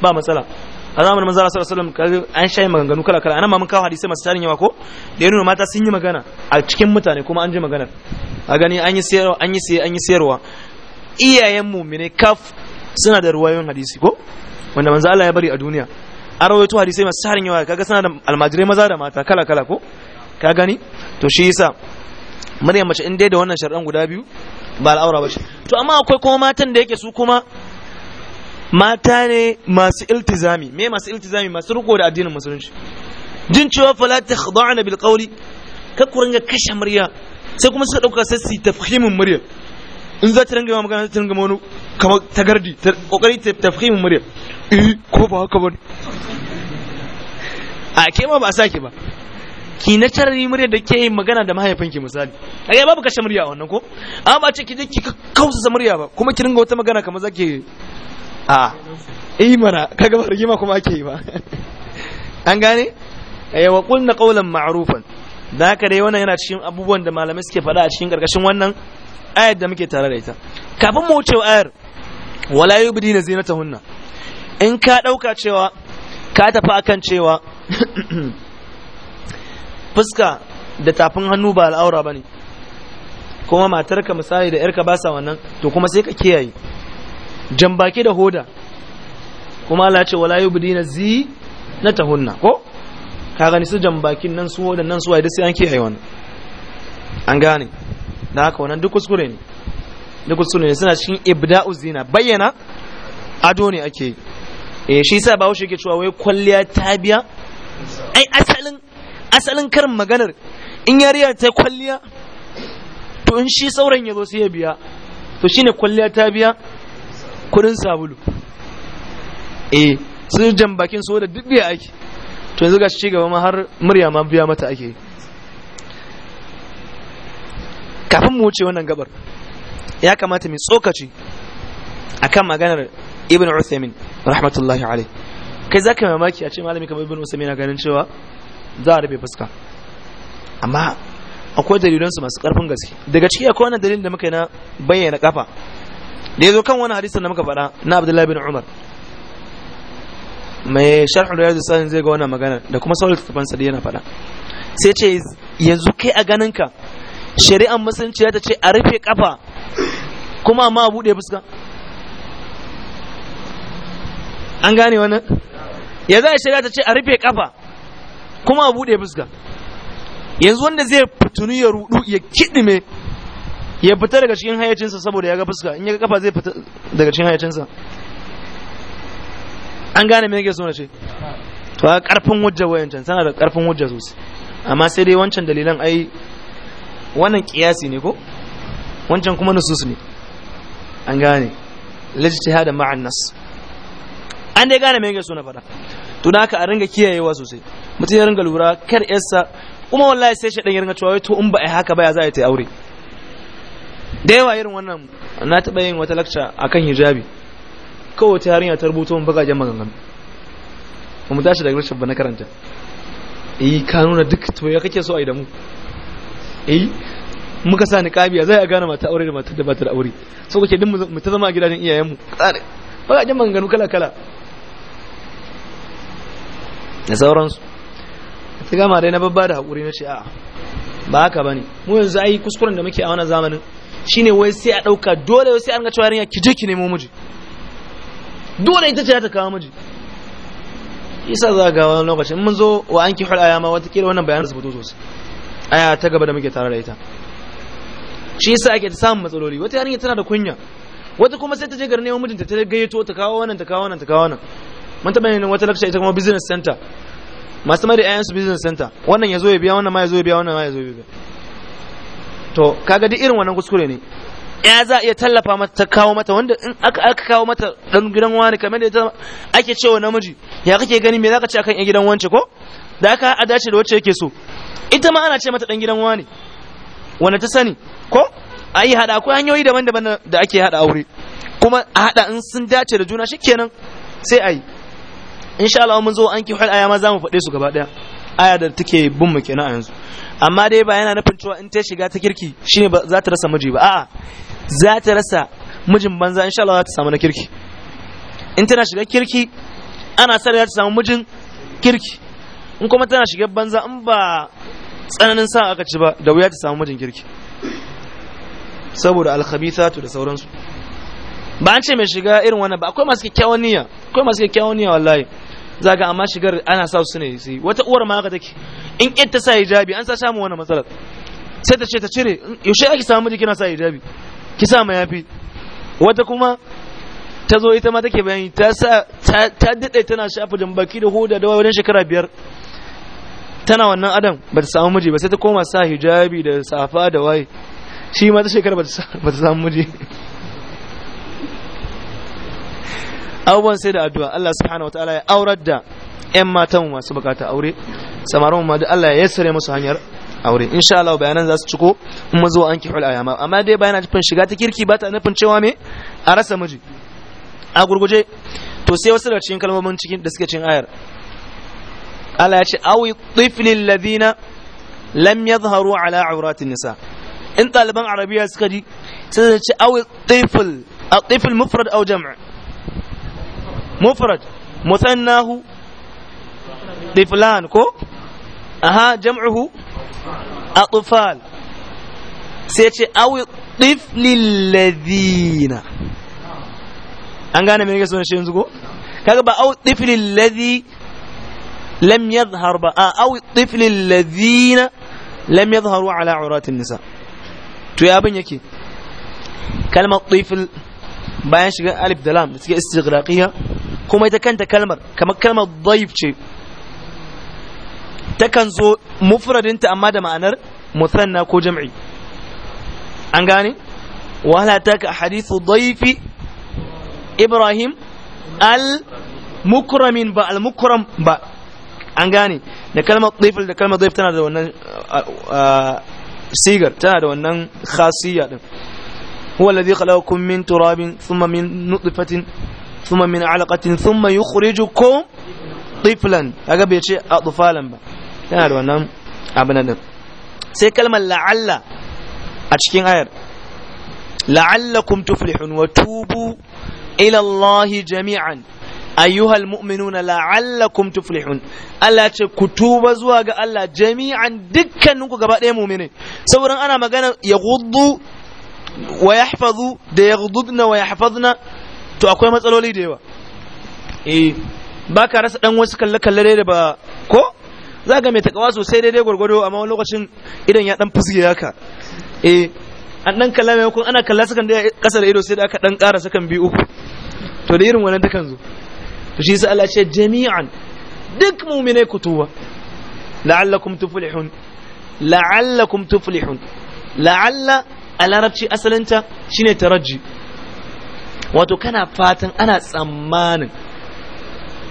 A: ba matsala a zamanin manzo sallallahu alaihi wasallam an shayi maganganu kala kala anan ma mun kawo hadisi masu tarin yawa ko da ya nuna mata sun yi magana a cikin mutane kuma an ji magana a gani an yi sayarwa an yi sayarwa an yi sayarwa iyayen mu'mine kaf suna da ruwayoyin hadisi ko wanda manzo Allah ya bari a duniya an rawaito hadisi masu tarin yawa kaga suna da almajirai maza da mata kala kala ko ka gani to shi yasa Maryam mace in dai da wannan sharɗan guda biyu ba al'aura ba shi to amma akwai kuma matan da yake su kuma mata ne masu iltizami me masu iltizami masu riko da addinin musulunci jin cewa fala takhda'na bil qawli ka kuringa kashe murya sai kuma suka dauka sai su tafhimin murya in za ta ringa ma magana ta ringa ma wani kamar tagardi kokari ta tafhimin murya eh ko ba haka bane a ke ma ba a sake ba ki na carri murya da ke yin magana da ki misali a yi babu kashe murya a wannan ko amma ba ce ki je ki kausa murya ba kuma ki ringa wata magana kamar zaki a yi eh mana kaga ba rigima kuma ake yi ba an gane eh wa kulna kaulan ma'arufan da haka dai wannan yana cikin abubuwan da malamai suke faɗa a cikin karkashin wannan ayar da muke tare da ita kafin mu wuce ayar wala zinata hunna in ka ɗauka cewa ka tafi akan cewa fuska da tafin hannu ba al'aura ne. kuma matarka misali da yarka ba sa wannan to kuma sai ka kiyaye jambaki da hoda kuma Allah ce wala yubdina zi na tahunna ko ka gani su jambakin nan su hoda nan su waye sai an ayi wannan an gane da haka wannan duk kuskure ne duk kuskure ne suna cikin ibda'u zina bayyana ado ne ake eh shi yasa bawo shi yake cewa wai kwalliya ta biya ai asalin asalin karin maganar in yariya ta kwalliya to in shi sauran ya zo sai ya biya to shine kwalliya ta biya kudin sabulu eh su jan bakin so da duk ake to yanzu shi cigaba ma har murya ma biya mata ake kafin mu wuce wannan gabar ya kamata mu tsokaci akan maganar ibn Uthaymeen rahmatullahi alaihi kai zaka mamaki a ce malami kamar ibn Uthaymeen na ganin cewa za a rufe fuska amma akwai dalilansu masu karfin gaske daga ciki akwai wannan dalilin da muka yi na bayyana kafa da ya zo kan wani hadisin da muka faɗa na abdullahi bin umar mai sharh da yaji sanin zai ga wannan magana da kuma sauran tafan sa yana faɗa sai ce yanzu kai a ganin ka shari'ar musulunci ta ce a rufe kafa kuma ma a buɗe fuska an gane wannan ya za a shari'a ta ce a rufe kafa kuma a buɗe fuska yanzu wanda zai fitinu ya rudu ya kiɗime ya fita daga cikin hayacinsa saboda ya ga fuska in ya ga kafa zai fita daga cikin hayacinsa an gane me yake so na ce to a karfin hujja wayancan sana da karfin hujja sosai amma sai dai wancan dalilan ai wannan kiyasi ne ko wancan kuma nusus ne an gane lijtihada ma'an nas an dai gane me yake so na faɗa to haka a ringa kiyayewa sosai mutum ya ringa lura kar yarsa kuma wallahi sai shi dan ya ringa cewa to in ba ai haka ba ya za a yi ta aure da yawa irin wannan na taɓa yin wata lakca a kan hijabi kawai ta yarinya ta rubuto mun bagajen maganganu ba mu tashi daga rashin ba na karanta eh ka nuna duk to ya kake so a yi da mu eh muka sa kabiya zai a gane mata aure da mata da ba ta da aure so kake din mu ta zama a gidajen iyayen mu kare bagajen maganganu kala kala da sauransu ta gama dai na babba da haƙuri na shi a'a ba haka ne mu yanzu ai kuskuren da muke a wani zamanin shine wai sai a dauka dole sai an ga cewa yarinya ki je ki nemo miji dole ita ce ta kawo miji isa za ga wani lokaci mun zo wa anki hul aya ma wata kila wannan bayanin zubutu sosai aya ta gaba da muke tare da ita shi yasa ake ta samun matsaloli wata yarinya tana da kunya wata kuma sai ta je garin neman mijinta ta gayyato ta kawo wannan ta kawo wannan ta kawo wannan mun taɓa yin wata lakshi ita kuma business center masu mari ayan su business center wannan ya zo ya biya wannan ma ya zo ya biya wannan ma ya zo ya biya to kaga duk irin wannan kuskure ne ya za a iya tallafa mata ta kawo mata wanda in aka kawo mata dan gidan wani kamar da ake cewa namiji ya kake gani me zaka ce akan yan gidan wance ko da aka a dace da wacce yake so ita ma ana ce mata dan gidan wani wanda ta sani ko a yi hada akwai hanyoyi daban-daban da ake hada aure kuma a hada in sun dace da juna shikenan sai a yi insha Allah mun zo an ki hul aya ma za mu faɗe su gaba daya aya da take bin mu kenan a yanzu amma dai ba yana nufin cewa in ta shiga ta kirki shine ba za ta rasa miji ba a'a za ta rasa mijin banza insha Allah za ta samu na kirki in tana shiga kirki ana sa za ta samu mijin kirki in kuma tana shiga banza in ba tsananin sa aka ci ba da wuya ta samu mijin kirki saboda alkhabithatu da sauransu ba an ce mai shiga irin wannan ba akwai masu kyakkyawan niyya akwai masu kyakkyawan niyya wallahi za ga amma shigar ana sa su ne su wata uwar ma haka take in ƴar ta sa hijabi an sa samu wani matsalar sai ta ce ta cire yaushe ake samu miji kina sa hijabi ki sa ma yafi wata kuma ta zo ita ma take bayani ta sa ta dade tana shafa jambaki da hoda da wajen shekara biyar tana wannan adam ba ta samu miji ba sai ta koma sa hijabi da safa da waye shi ma ta shekara ba ta samu miji abubuwan sai da addu'a Allah subhanahu wataala ya aurar da ƴan matan masu bukata aure samarin ma Allah ya yassare musu hanyar aure insha Allah bayanan za su ciko in mu zo an kihul ayama amma dai bayan nufin shiga ta kirki ba ta nufin cewa me a rasa miji a gurguje to sai wasu daga cikin kalmomin cikin da suke cikin ayar Allah ya ce awi tiflil ladina lam yadhharu ala auratin nisa in ɗaliban arabiya suka ji sai su ce awi tifl a tifl mufrad aw jam' mufrad musannahu tiflan ko aha jam'uhu atfal sai ce awi tiflil ladina an gane me yake son shi yanzu ko kaga awi tiflil ladhi lam yadhhar ba awi tiflil ladina lam yadhharu ala auratin nisa to yake kalmar tifl bayan shiga alif da lam suke kuma ita kanta kalmar kamar kalmar daif ce takan zo mufradinta amma da ma'anar musanna ko jam'i an gane wahala ta ka hadithu daifi ibrahim al mukramin ba al mukram ba an gane da kalmar daifil da kalmar daif tana da wannan sigar tana da wannan khasiyya din huwa alladhi khalaqakum min turabin thumma min nutfatin thumma min suma yukuriju yukhrijukum tiflan kaga bai ce atfalan ba yana da wannan sai kalmar la'alla a cikin ayar la'allakum tuflihun wa tubu ila Allah jami'an ayyuhal mu'minuna la'allakum tuflihun Allah ce ku tuba zuwa ga Allah jami'an dukkaninku gaba ɗaya mu'mine sauran ana magana ya guddu wa yahfazu da ya gududna wa yahfazna to akwai matsaloli da yawa eh ba ka rasa dan wasu kalle-kalle da ba ko za ga mai takawa sosai daidai gwargwado amma wani lokacin idan ya dan fusge haka eh an dan kalla ku ana kalla sukan da kasar ido sai da aka dan ƙara sukan bi uku to da irin wannan dukan zo to shi yasa Allah ce jami'an duk mu'minai kutuwa la'allakum tuflihun la'allakum tuflihun la'alla a larabci asalinta shine tarajji wato kana fatan ana tsammanin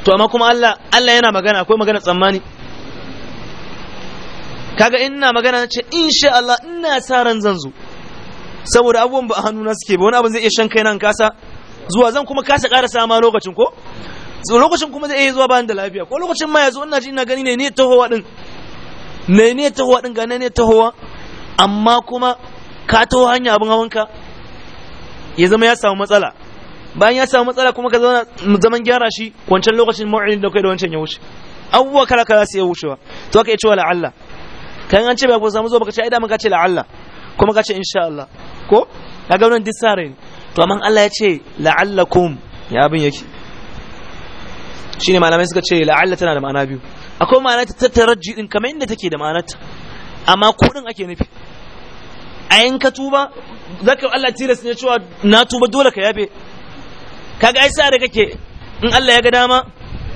A: to amma kuma Allah Allah yana magana akwai magana tsammani kaga ina magana ce insha Allah ina sa ran zan zo saboda abubuwan ba a na suke ba wani abu zai iya shan kai nan kasa zuwa zan kuma kasa ƙara sama lokacin ko lokacin kuma zai iya zuwa bayan da lafiya ko lokacin ma yazo ina ji ina gani ne ne tahowa din ne ne tahowa din ga ne ne tahowa amma kuma ka taho hanya abin hawanka ya zama ya samu matsala bayan ya samu matsala kuma ka zauna zaman gyara shi wancan lokacin mau'in da kai da wancan ya wuce abubuwa kala kala su iya wucewa to aka iya cewa la'alla kan an ce ba ku samu zo baka ce ai da muka ce la'alla kuma ka ce insha Allah ko ga wannan duk ne to amma Allah ya ce la'allakum ya abin yake shine malamai suka ce la'alla tana da ma'ana biyu akwai ma'ana ta tarajji din kamar inda take da ma'anarta amma kudin ake nufi a ka tuba zaka Allah tilas ne cewa na tuba dole ka yabe kaga ai sa da kake in Allah ya ga dama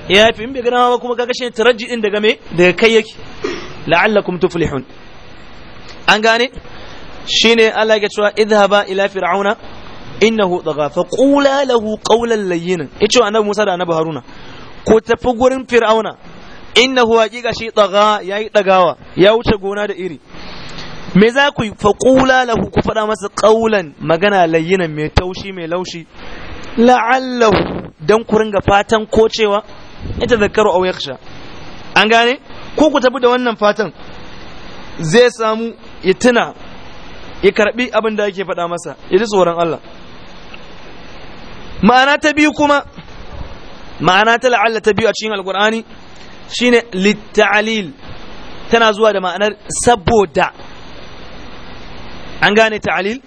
A: ya fi in bai ga dama ba kuma kaga shi taraji din daga me daga kai yake la'allakum tuflihun an gane shine Allah ya cewa idhaba ila fir'auna innahu daga fa qula lahu qawlan layyinan yace annabi Musa da annabi Haruna ko tafi gurin fir'auna innahu haqiqa shi daga yayi dagawa ya wuce gona da iri me za ku yi faƙula lahu ku faɗa masa ƙaulan magana layyinan mai taushi mai laushi la'allahu dan ku ringa fatan ko cewa ita zakaru aw yakhsha an gane ko ku tafi da wannan fatan zai samu ya tuna ya karbi abin da ake faɗa masa ya ji tsoron Allah ma'ana ta biyu kuma ma'ana ta la'alla ta biyu a cikin alkur'ani shine litta'alil tana zuwa da ma'anar saboda an gane ta'alil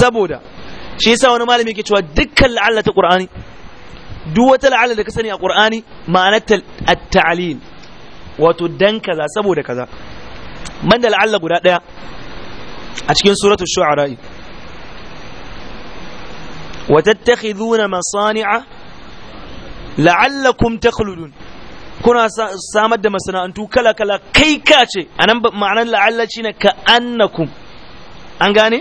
A: saboda shi yasa wani malami yake cewa dukkan la'alla ta qur'ani duk wata la'alla da ka sani a qur'ani ma'anar at-ta'lil wato dan kaza saboda kaza man da la'alla guda daya a cikin suratul shu'ara wa tattakhiduna masani'a la'allakum takhludun kuna samar da masana'antu kala kala kai ka ce anan ma'anar la'alla shine ka annakum an gane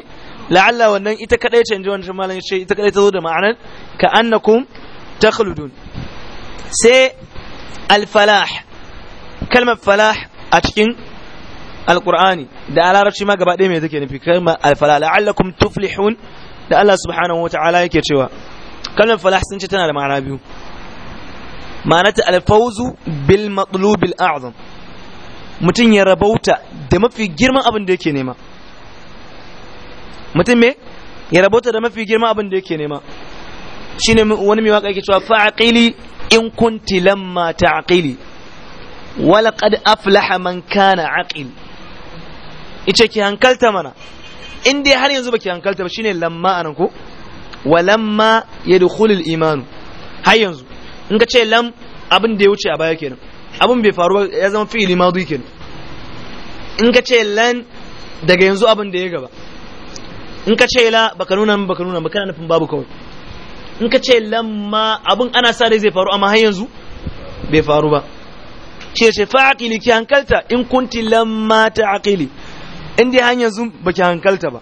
A: la'alla wannan ita kadai ce inji wannan malam yace ita kadai ta zo da ma'anar ka annakum takhludun sai al-falah kalmar falah a cikin alqur'ani da larabci ma gaba ɗaya me take nufi kalmar al-falah la'allakum tuflihun da Allah subhanahu wata'ala yake cewa kalmar falah sun ce tana da ma'ana biyu ma'anata al-fawzu bil matlub azam mutum ya rabauta da mafi girman abin da yake nema mutum me ya rabota da mafi girma abin da yake nema shine wani mai waka yake cewa fa'aqili in kunti lamma wala walaqad aflaha man kana aqil ice ki hankalta mana in dai har yanzu baki hankalta ba shine lamma anan ko walamma yadkhulul iman har yanzu in ka ce lam abin da ya wuce a baya kenan abin bai faru ya zama fi'ili madi kenan in ka ce lan daga yanzu abin da ya gaba in ka ce la baka nuna min baka nuna ba kana nufin babu kawai in ka ce lamma abun ana sa dai zai faru amma har yanzu bai faru ba ce ce fa aqili ki hankalta in kunti lamma ta aqili in dai har yanzu baki hankalta ba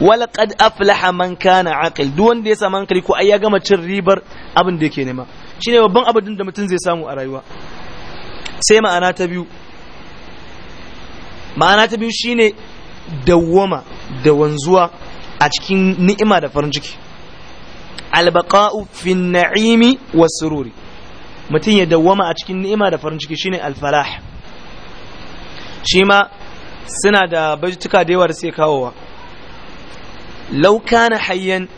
A: wala qad aflaha man kana aqil duk wanda ya samu hankali ko ai ya gama cin ribar abin da yake nema shine babban abin da mutum zai samu a rayuwa sai ma'ana ta biyu ma'ana ta biyu shine dawwama da wanzuwa a cikin ni'ima da farin ciki albaqa'u fi na'imi was sururi mutum ya dawwama a cikin ni'ima da farin ciki shine al-falah shi ma suna da baituka da yawa da suke kawowa law kana hayyan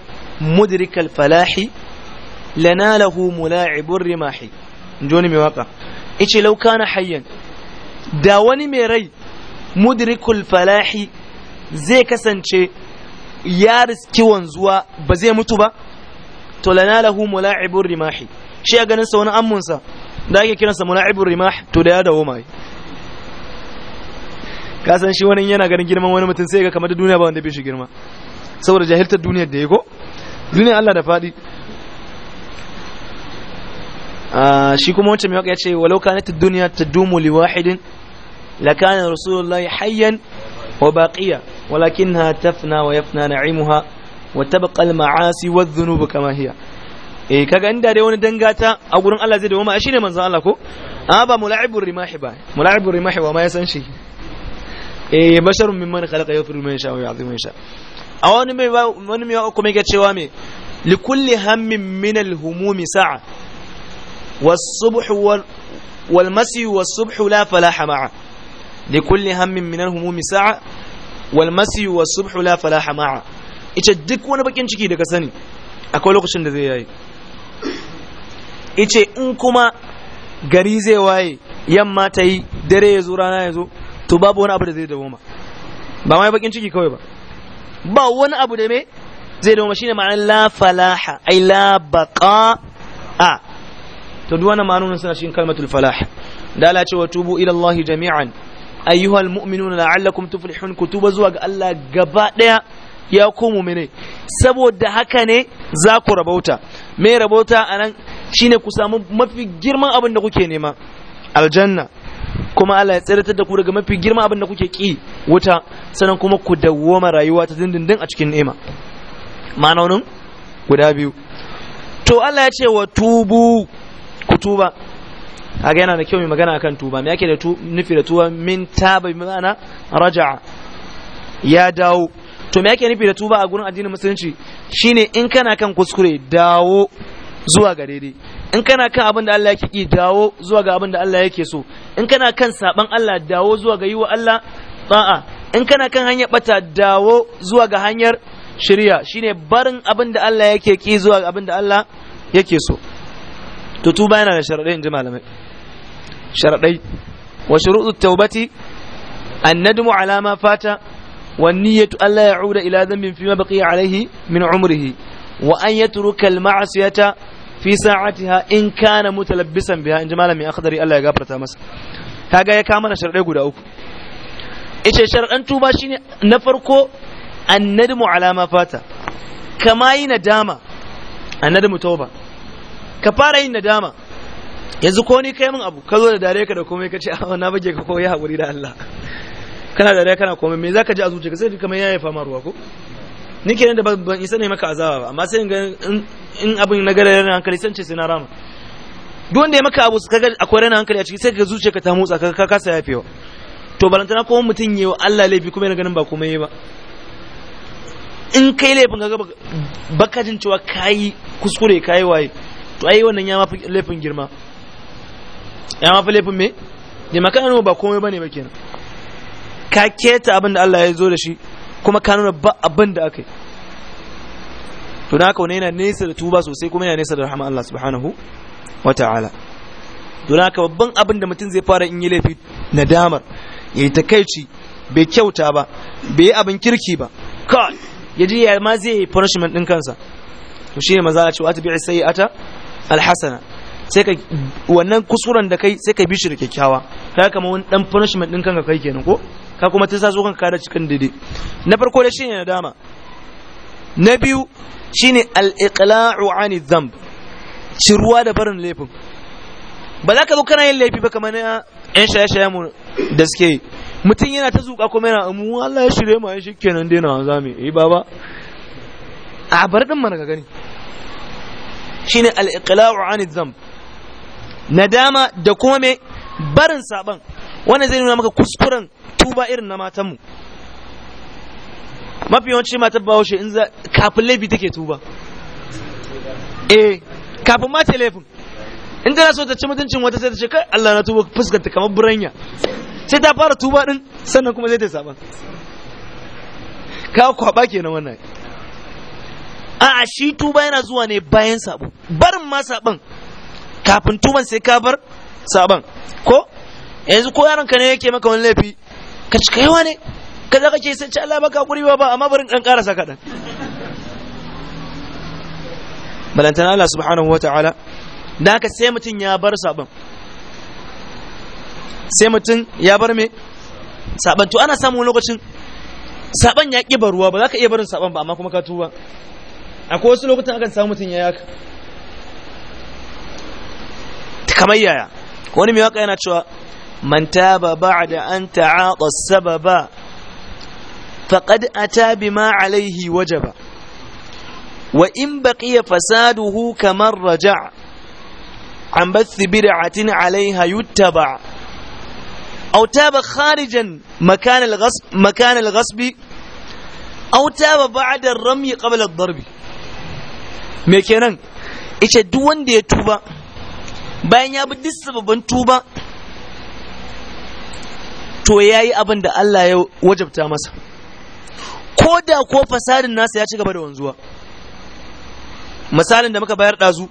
A: mudrik al-falahi lanalahu mula'ibur rimahi inji mai waka ice law kana hayyan da wani mai rai mudrikul falahi zai kasance ya riski wanzuwa ba zai mutu ba to lana lahu mula'ibur rimahi shi ya ganin sa wani ammunsa da ake kiransa mula'ibur rimah to da ya dawo mai ka san shi wani yana ganin girman wani mutum sai ga kamar da duniya ba wanda bai shi girma saboda jahiltar duniyar da ya go duniyar Allah da faɗi ah, shi kuma wancan mai waka ya ce walau kanat duniya ta li wahidin لكان رسول الله حيا وباقيا ولكنها تفنى ويفنى نعيمها وتبقى المعاصي والذنوب كما هي eh kaga inda dai wani dangata a gurin Allah zai dawo ma shine manzon Allah ko a ba mula'ibur rimahi ba mula'ibur rimahi wa ma ya shi eh basharun mimman khalaqa yafiru min sha wa yu'adhimu sha a wani mai wani mai uku mai cewa me li kulli hammin min al humumi sa'a was subh wal masi was subh la falaha ma'a likulli hammin min alhumumi sa'a wal masiyu was subhu la ma'a ita duk wani bakin ciki da ka sani akwai lokacin da zai yayi ice in kuma gari zai waye yamma ta yi dare ya zo rana ya zo to babu wani abu da zai dawoma ba mai bakin ciki kawai ba ba wani abu da me zai dawoma shine ma'anar la falaha ai la baqa a to duk wannan ma'anonin suna cikin kalmatul falah da ala ce wa tubu ila Allah jami'an ayyuhal mu'minuna la'allakum tuflihun ku tuba zuwa ga Allah gaba daya ya komo mu'mine saboda haka ne za ku rabauta me rabauta anan shine ku samu mafi girman abin da kuke nema aljanna kuma Allah ya tsiratar da ku daga mafi girman abin da kuke ki wuta sannan kuma ku dawoma rayuwa ta dindindin a cikin ni'ima ma'anonin guda biyu to Allah ya ce wa tubu ku tuba kaga yana da kyau mai magana akan tuba me yake da tu nufi da tuba min taba bi ma'ana raja'a ya dawo to me yake nufi da tuba a gurin addinin musulunci shine in kana kan kuskure dawo zuwa ga daidai in kana kan abin da Allah yake ki dawo zuwa ga abin da Allah yake so in kana kan saban Allah dawo zuwa ga yiwa Allah ta'a in kana kan hanyar bata dawo zuwa ga hanyar shari'a shine barin abin da Allah yake ki zuwa ga abin da Allah yake so to tuba yana da sharadai in ji malamai sharaɗai wa shuruɗu taubati an nadmu ala ma fata wa niyyatu alla ya'uda ila dhanbin fima baƙi alayhi min umrihi wa an yatruka al ma'siyata fi ha in kana mutalabbisan biha in ji malami akhdari Allah ya gafarta masa kaga ya kama na sharɗai guda uku ita sharɗan tuba shine na farko annadmu ala ma fata kama yi nadama annadmu tauba ka fara yin nadama yanzu ko ni kai min abu ka zo da dare ka da komai ka ce a na bage ka koyi haƙuri da Allah kana dare kana komai me zaka ji a zuciya sai kamar yayi fama ruwa ko ni kenan da ban isa ne maka azaba ba amma sai in in abin na gare ran hankali sai sai na rama duk wanda ya maka abu kaga akwai ran hankali a ciki sai ka zuciya ka ta motsa ka kasa yafewa to balantana ko mutum yayi Allah laifi kuma yana ganin ba komai ba in kai laifin kaga baka jin cewa kai kuskure kayi waye to ai wannan ya mafi laifin girma ya mafi laifin me ne maka nuna ba komai ba ne ba kenan ka keta abin da Allah ya zo da shi kuma ka nuna ba abin da aka yi to na wani yana nesa da tuba sosai kuma yana nesa da rahama Allah subhanahu wa ta'ala to na babban abin da mutum zai fara in yi laifi nadamar ya yi takaici bai kyauta ba bai yi abin kirki ba ka ya ji ya ma zai yi punishment din kansa to ne maza ya ce wa tabi'i ata alhasana sai ka wannan kusuran da kai sai ka bi shi da kyakkyawa ka kama wani dan punishment din kanka kai kenan ko ka kuma ta sa zuwan ka da cikin dide na farko da shine nadama na biyu shine al-iqla'u 'ani dhanb ciruwa da barin laifin ba za ka zo kana yin laifi ba kamar na yan shaye-shaye mu da suke yi mutum yana ta zuƙa kuma yana amu Allah ya shirye mu shi kenan dai na za eh baba a bar din mana ka gani shine al-iqla'u 'ani dhanb nadama da kuma me barin saban wannan zai nuna maka kuskuren tuba irin na matanmu mafi yawanci matar bahaushe in za kafin laifi take tuba eh kafin ma laifin in tana so ta ci mutuncin wata sai ta ce kai Allah na tuba fuskanta kamar buranya sai ta fara tuba din sannan kuma zai ta saban ka kwaba kenan wannan a'a shi tuba yana zuwa ne bayan sabo barin ma saban kafin tuman sai ka bar saban ko yanzu ko yaron ka ne yake maka wani laifi ka cika yawa ne ka za ka ce sai ci Allah maka hakuri ba amma barin dan karasa kaɗan balantana Allah subhanahu wataala dan ka sai mutum ya bar saban sai mutum ya bar me saban to ana samun lokacin saban ya kibaruwa ruwa ba za ka iya barin saban ba amma kuma ka tuba akwai wasu lokutan akan samu mutum ya yaka kamar yaya wani mai waka yana cewa ba taba da an ta'ata sababa faqad ata bima alaihi wajaba wa in baqiya fasaduhu kamar raja' an bathi bid'atin alaiha yuttaba aw taba kharijan makan al-ghasb makan al-ghasbi aw taba ba'da da ramy qabla ad-darb me kenan ice duk wanda ya tuba bayan ya bi duk sababbin tuba to ya yi abin da Allah ya wajabta masa ko da ko fasadin nasa ya ci gaba da wanzuwa misalin da muka bayar ɗazu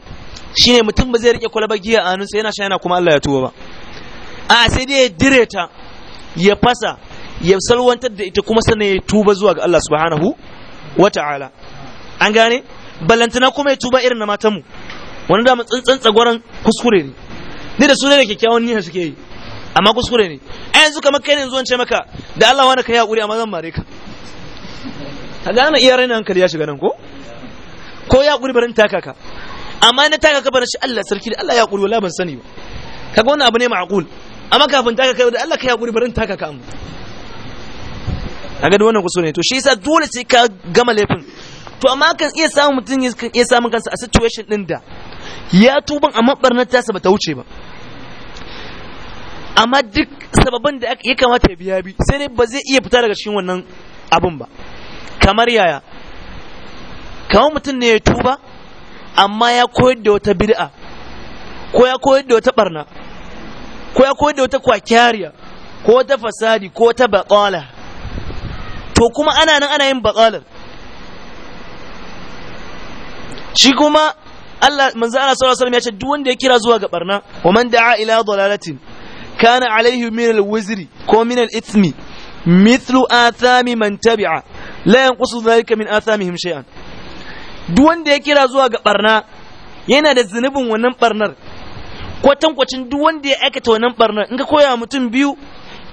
A: ne mutum ba zai rike kwalaba giya a hannunsa yana sha yana kuma Allah ya tuba ba a sai dai ya direta, ya fasa ya salwantar da ita kuma sannan ya tuba zuwa ga Allah subhanahu wa ta'ala an gane ballantana kuma ya tuba irin na matanmu wani dama tsantsan tsagwaron kuskure ne ni da su ne da kyakkyawan niyya suke yi amma kuskure ne a yanzu kamar kai ne yanzu ce maka da Allah wani ka ya haƙuri amma zan mare ka ka gane iya raina hankali ya shiga nan ko ko ya haƙuri barin taka ka amma na taka ka barin shi Allah sarki da Allah ya haƙuri wala ban sani ba kaga wannan abu ne ma'qul amma kafin taka kai da Allah ka ya haƙuri barin taka ka amma kaga wannan kuskure ne to shi yasa dole sai ka gama laifin to amma kan iya samun mutum ya samun kansa a situation din da ya tuban amma barnar tasa bata wuce ba amma duk sababin da ya kamata ya biya bi sai dai ba zai iya fita daga cikin wannan abin ba kamar yaya kamar mutum ne ya tuba amma ya koyar da wata bid'a ko ya koyar da wata barna ko ya koyar da wata kwakiyariya ko wata fasadi ko wata baƙala to kuma ana nan ana yin bakalar shi kuma Allah manzo Allah sallallahu alaihi wasallam ya ce duk wanda ya kira zuwa ga barna wa man da'a ila dalalatin kana alaihi min al-wizri ko min al-ithmi mithlu athami man tabi'a la yanqusu dhalika min athamihim shay'an duk wanda ya kira zuwa ga barna yana da zunubin wannan barnar kwacin duk wanda ya aikata wannan barnar in ka koya mutum biyu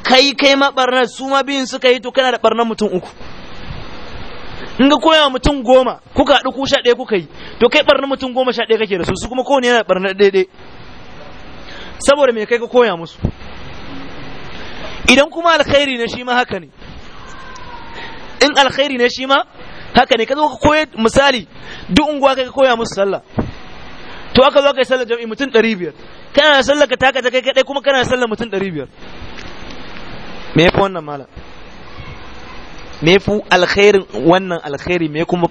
A: kai kai ma barnar su ma biyun suka yi to kana da barnar mutum uku in ga koya mutum goma kuka haɗu ku sha ɗaya kuka yi to kai barna mutum goma sha ɗaya kake da su su kuma kowane yana barna ɗaya saboda me kai ka koya musu idan kuma alkhairi ne shi ma haka ne in alkhairi ne shi ma haka ne ka zo ka koya misali duk unguwa kai ka koya musu sallah to aka zo kai sallar jami'i mutum ɗari biyar kana sallar ka taka ta kai kaɗai kuma kana sallar mutum ɗari biyar me ya fi wannan malam me fi alkhairin wannan alkhairi me kuma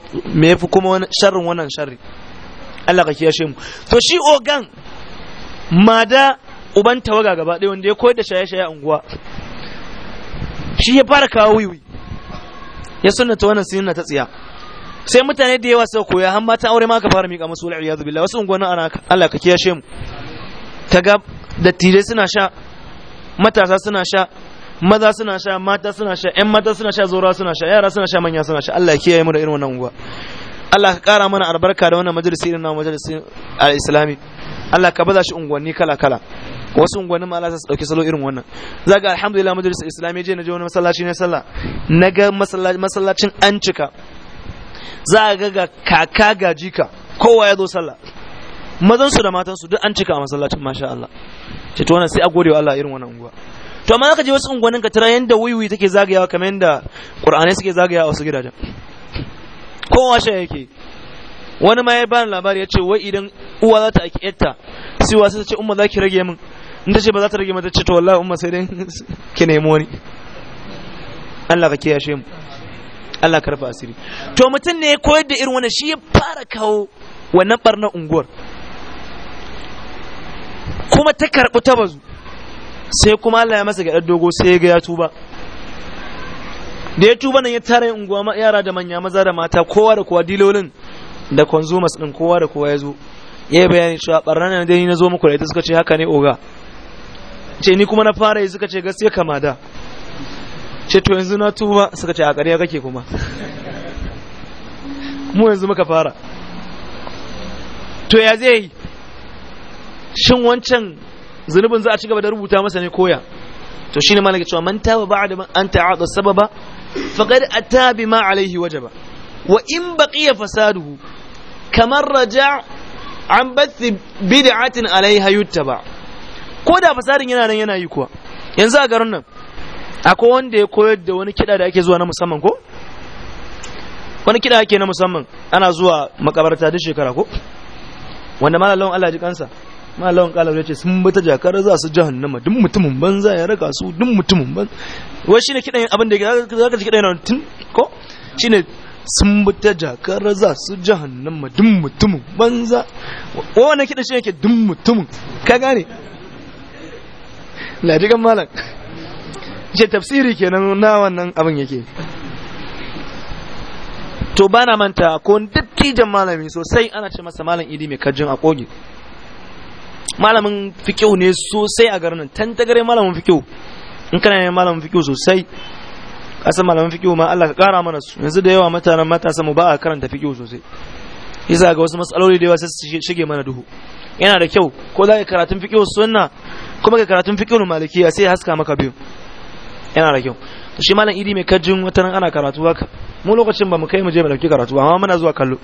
A: fi kuma sharrin wannan sharri Allah ka kiyashe mu to shi ogan mada uban tawaga gaba ɗaya wanda ya koyar da shaye-shaye a unguwa shi ya fara kawo wiwi ya sunnata wannan sunna ta tsiya sai mutane da yawa suka koya har mata aure ma ka fara miƙa musu wal iyadu billah wasu unguwannin ana Allah ka kiyashe mu Ta da tire suna sha matasa suna sha maza suna sha mata suna sha ƴan mata suna sha zora suna sha yara suna sha manya suna sha Allah ya kiyaye mu da irin wannan unguwa Allah ka kara mana albarka da wannan majalisi irin na majalisi al-islami Allah ka baza shi unguwanni kala kala wasu unguwanni ma Allah su dauki salo irin wannan zaga alhamdulillah majalisi islami je na je wani masallaci ne sallah na ga masallacin an cika za ga ga kaka ga jika kowa ya zo sallah mazan su da matan su duk an cika a masallacin masha Allah ce to wannan sai a gode wa Allah irin wannan unguwa to amma zaka je wasu ungwanin ka tara yanda wiwi take zagayawa kamar yanda qur'anai suke zagayawa a wasu gidajen ko washe yake wani ma ya bani labari ya ce wai idan uwa za ta aki yarta sai wasu ta ce umma za ki rage min in ta ce ba za ta rage mata ce to wallahi umma sai dai ki nemi wani Allah ka kiyashe mu Allah ka rufe asiri to mutum ne ya koyar da irin wannan shi ya fara kawo wannan barnar unguwar kuma ta karɓi ta bazu sai kuma Allah ya masa gaɗar dogo sai ya ga ya tuba da ya tuba nan ya tara yin unguwa yara da manya maza da mata kowa da kowa dilolin da consumers din kowa da kowa ya zo ya yi bayani cewa barna na ni na zo muku da ita suka ce haka ne oga ce ni kuma na fara yi suka ce gaskiya kama da ce to yanzu na tuba suka ce a ƙarya kake kuma mu yanzu muka fara to ya zai yi shin wancan zunubin za a ci gaba da rubuta masa ne koya to shine malaka cewa man taba ba'da an ta'ada sababa faqad ata bima alaihi wajaba wa in baqiya fasaduhu kamar raja an bathi bid'atin alayha yuttaba ko da fasadin yana nan yana yi kuwa yanzu a garin nan akwai wanda ya koyar da wani kiɗa da ake zuwa na musamman ko wani kiɗa ake na musamman ana zuwa makabarta duk shekara ko wanda malalon Allah ji kansa malon kalab ya ce sun bata jakar za su jahannama duk mutumin banza ya raka su duk mutumin banza wai shine kidan abin da ka ji kidan yana tun ko shine sun bata jakar za su jahannama duk mutumin banza wannan kidan shine yake duk mutumin ka gane la digan malam ce tafsiri kenan na wannan abin yake to bana manta ko dattijan malami sosai ana ce masa malam idi mai kajin a kogi malamin fikihu ne sosai a garin tantagare malamin fikihu in kana ne malamin fikihu sosai kasan malamin fikihu ma Allah ka kara mana su yanzu da yawa mutanen matasa mu ba a karanta fikihu sosai yasa ga wasu matsaloli da yawa sai su shige mana duhu yana da kyau ko za ka karatun fikihu sunna kuma ka karatun fikihu malikiya sai haska maka biyu yana da kyau to shi malam idi mai kajin wata ana karatu haka mu lokacin ba mu kai mu je mu dauki karatu amma muna zuwa kallo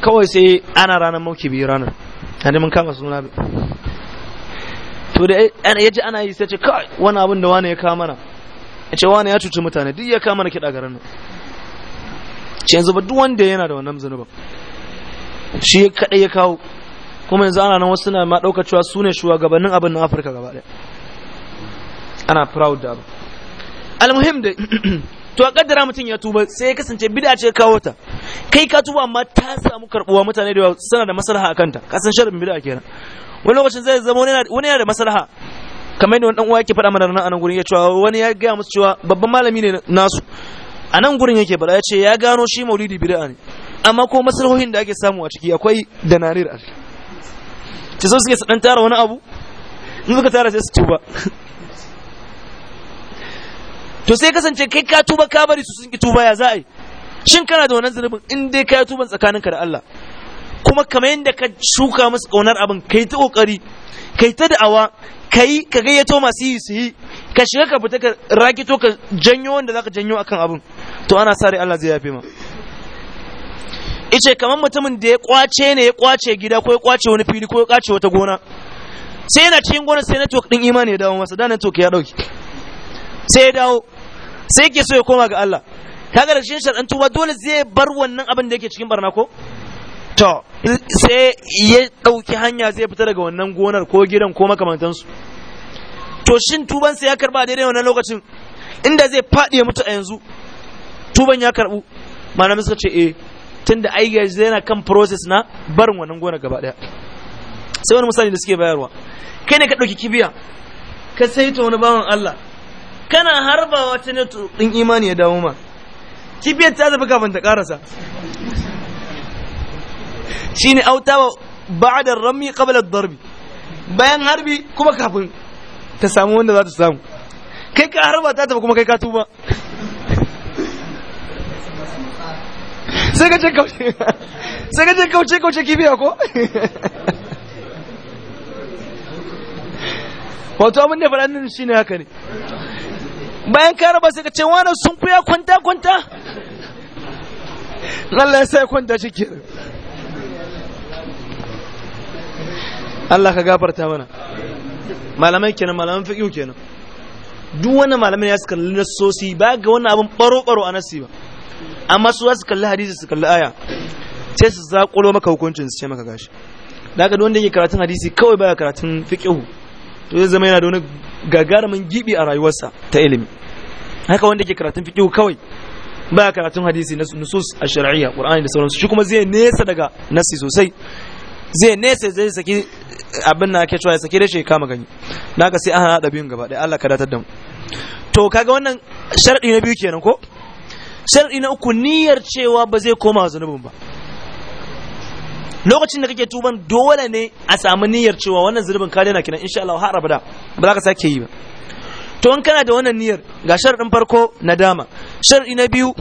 A: kawai sai ana ranar mauki biyu ranar tare mun kama suna to da ya ji ana yi sai ce kai wani abin da wani ya kama mana ya ce wani ya cuci mutane duk ya kama na kiɗa garin nan ce yanzu ba duk wanda yana da wannan zunuban shi kaɗai ya kawo kuma yanzu ana nan wasu na ma ɗauka cewa su ne shugabannin abin na afirka gaba ɗaya ana proud da abu al-muhim dai to a kaddara mutum ya tuba sai ya kasance bid'a ce kawo ta kai ka tuba amma ta samu karbuwa mutane da sana da maslaha akan ta kasan sharbin bid'a kenan wani lokacin zai zama wani yana da maslaha kamar yadda wani dan uwa yake faɗa mana nan a nan gurin ya cewa wani ya gaya musu cewa babban malami ne nasu a nan gurin yake faɗa ya ce ya gano shi maulidi bid'a ne amma ko maslahohin da ake samu a ciki akwai danarir a ciki ce so suke su tara wani abu in suka tara sai su tuba to sai kasance kai ka tuba ka bari su sun ki tuba ya za a yi shin kana da wannan zunubin in dai ka yi tuban tsakaninka da Allah kuma kamar yadda ka shuka musu kaunar abin kai ta kokari kai ta da'awa kai ka gayyato masu yi su yi ka shiga ka fita ka rakito ka janyo wanda zaka janyo akan abin to ana sa rai Allah zai yafe ma ice kamar mutumin da ya kwace ne ya kwace gida ko ya kwace wani fili ko ya kwace wata gona sai yana cikin gona sai network din imani ya dawo masa da network ya dauki sai ya dawo sai yake so ya koma ga Allah kaga da shin shar'an tuba dole zai bar wannan abin da yake cikin barna ko to sai ya ɗauki hanya zai fita daga wannan gonar ko gidan ko makamantansu to shin tuban sai ya karba daidai wannan lokacin inda zai faɗi ya mutu a yanzu tuban ya karbu malamai suka ce eh tunda ai yanzu yana kan process na barin wannan gonar gaba daya sai wani misali da suke bayarwa kai ne ka ɗauki kibiya ka sai ta wani bawan Allah kana harba wata ne din imani ya dawo ma kibiyar ta zafi kafin ta karasa shi auta autawa da rami qabla darbi bayan harbi kuma kafin ta samu wanda za ta samu kai ka harba ta tafi kuma kai ka tuba
B: sai ka
A: kauce kauce kibiya ko wato abin da faɗa shi ne haka ne bayan ka raba sai ka ce wani sun kuya kwanta kwanta Allah ya sai kwanta shi ke Allah ka gafarta mana malamai kenan malaman fiƙiyu kenan duk wani malamai ya su kalli nassosi ba ga wani abin baro-baro a nassi ba amma su su kalli hadisi su kalli aya sai su zaƙulo maka hukuncin su ce maka gashi da haka wanda yake karatun hadisi kawai baya karatun fiƙihu to zai zama yana da wani gagarumin gibi a rayuwarsa ta ilimi haka wanda ke karatun fiqh kawai ba karatun hadisi na nusus a shar'iyya qur'ani da sauransu shi kuma zai nesa daga nasi sosai zai nesa zai saki abin na ake cewa ya saki rashe kama gani naga sai an hada biyun gaba ɗaya Allah ka datar da mu to kaga wannan sharadi na biyu kenan ko sharadi na uku niyyar cewa ba zai koma zanubin ba lokacin da kake tuban dole ne a samu niyyar cewa wannan zurbin kare na kenan insha Allah har abada ba za ka sake yi ba to in kana da wannan niyyar ga sharadin farko nadama sharadi na biyu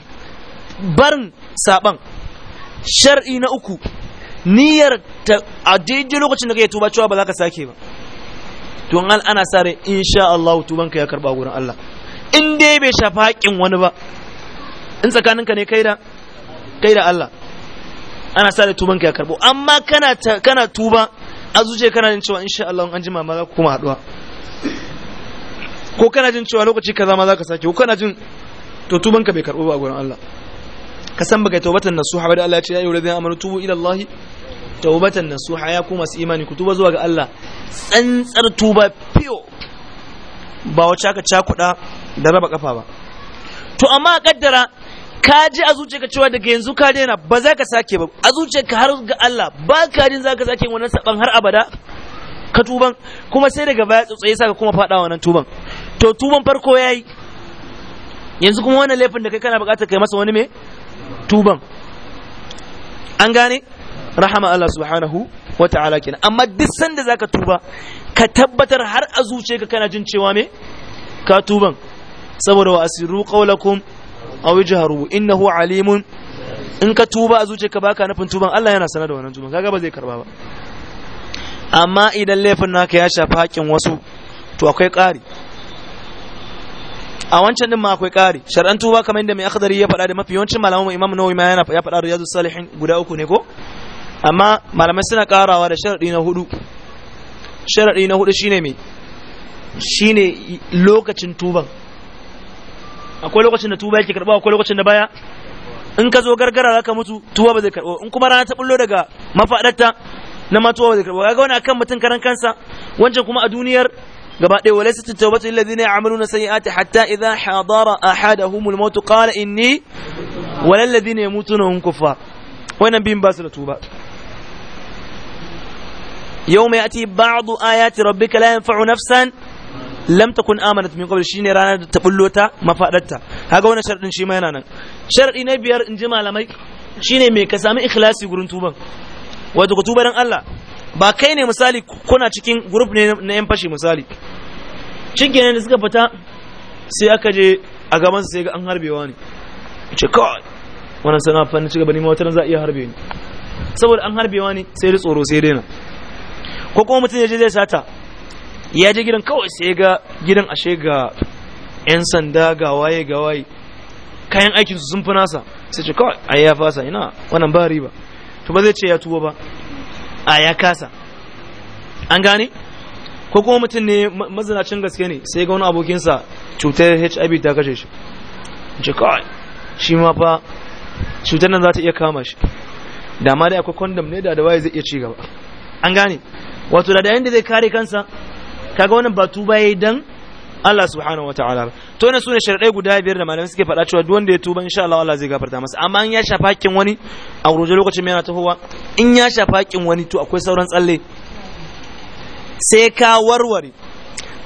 A: barin saban shari na uku niyyar ta a daidai lokacin da kake tuba cewa ba za ka sake ba to an ana sa rai insha Allah tuban ka ya karba gurin Allah in dai bai shafa haƙin wani ba in tsakaninka ne kai da kai da Allah ana sa da ka ya karbo amma kana kana tuba a zuciya kana jin cewa insha Allah an jima ma za ku kuma haduwa ko kana jin cewa lokaci kaza ma za ka sake ko kana jin to tubanka bai karbo ba a gurin Allah ka san baka tawbatan nasuha ba da Allah ya ce ya ayyuhal ladina amanu tubu ila Allah tawbatan nasuha ya ku masu imani ku tuba zuwa ga Allah tsantsar tuba fiyo ba wacce aka cakuda da raba kafa ba to amma kaddara ka ji a zuciyarka cewa daga yanzu ka daina ba za ka sake ba a zuciyarka har ga Allah ba ka jin za ka sake wannan saban har abada ka tuban kuma sai daga baya tsotsa sa ka kuma faɗa wannan tuban to tuban farko yayi yanzu kuma wannan laifin da kai kana buƙatar kai masa wani me tuban an gane rahama Allah subhanahu wa ta'ala kenan amma duk sanda zaka tuba ka tabbatar har a zuciyarka kana jin cewa me ka tuban saboda wa asiru qawlakum aw yajharu innahu alim in ka tuba a zuciyarka baka nufin tuban Allah yana sanar da wannan tuban kaga ba zai karba ba amma idan laifin naka ya shafi hakkin wasu to akwai ƙari a wancan din ma akwai ƙari shar'an tuba kamar inda mai akhdari ya faɗa da mafi yawancin malaman imam nawawi ma yana ya faɗa riyadus salihin guda uku ne ko amma malamai suna karawa da sharadi na hudu sharadi na hudu shine me shine lokacin tuban akwai lokacin da tuba yake karɓa akwai lokacin da baya in ka zo gargara zaka mutu tuwa ba zai in kuma rana ta bullo daga mafaɗarta na ma tuwa ba zai karɓo kaga wani akan mutum karan kansa wancan kuma a duniyar gaba ɗaya wale sittin taubatu lillazina ya'maluna sayyi'ati hatta idza hadara ahaduhumul maut qala inni walal ladina yamutuna hum kuffar wannan bin ba su da tuba يوم يأتي بعض ayati ربك لا ينفع nafsan. lam takun amanat min qabl shine ranar da ta bullo ta mafadarta kaga wannan sharadin shi ma yana nan sharadi na biyar in ji malamai shine me ka sami ikhlasi gurin tuban wato ka tuba dan Allah ba kai ne misali kuna cikin group ne na yan fashi misali cikin da suka fita sai aka je a gaban sai ga an harbewa ne ce kawai wannan sana fanni ci ne ma wata za a iya harbe ni saboda an harbewa ne sai da tsoro sai daina ko kuma mutum ya je zai sata ya je gidan kawai sai ga gidan ashe ga 'yan sanda ga waye ga waye kayan aikin su sun fi nasa sai ce kawai a ya fasa ina wannan ba riba to ba zai ce ya tuwo ba a ya kasa an gane ko kuma mutum ne mazinacin gaske ne sai ga wani abokinsa cutar hiv ta kashe shi ce kawai shi ma fa cutar nan za ta iya kama shi da ma dai akwai kondom ne da da waye zai iya ci gaba an gane wato da da yanda zai kare kansa kaga wannan ba tuba yayi dan Allah subhanahu wataala to ne sune sharadai guda biyar da malamai suke faɗa cewa duk wanda ya tuba insha Allah Allah zai gafarta masa amma in ya shafa hakkin wani a roje lokacin yana tahowa in ya shafa hakkin wani to akwai sauran tsalle sai ka warware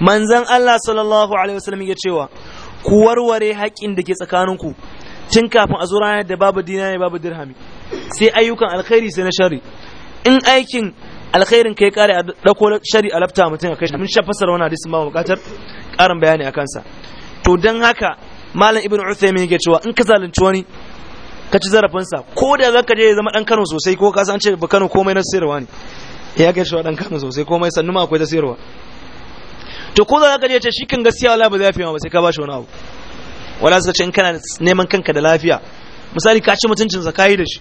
A: manzon Allah sallallahu alaihi wasallam ya cewa ku warware haƙƙin da ke tsakaninku tun kafin a zo ranar da babu dinari babu dirhami sai ayyukan alkhairi sai na shari in aikin alkhairin kai kare a dauko shari a lafta mutum a kai mun sha fassara wani hadisin ba bukatar karin bayani a kansa to dan haka malam ibnu uthaymin yake cewa in ka zalunci wani ka ci zarafinsa ko da zaka je ya zama dan Kano sosai ko ka san ce ba Kano komai na sayarwa ne ya ga cewa dan Kano sosai komai sannu ma akwai ta sayarwa to ko da zaka je ce shi kan gaskiya wala ba zafi ba sai ka bashi wani abu wala suka ce in kana neman kanka da lafiya misali ka ci mutuncin sa da shi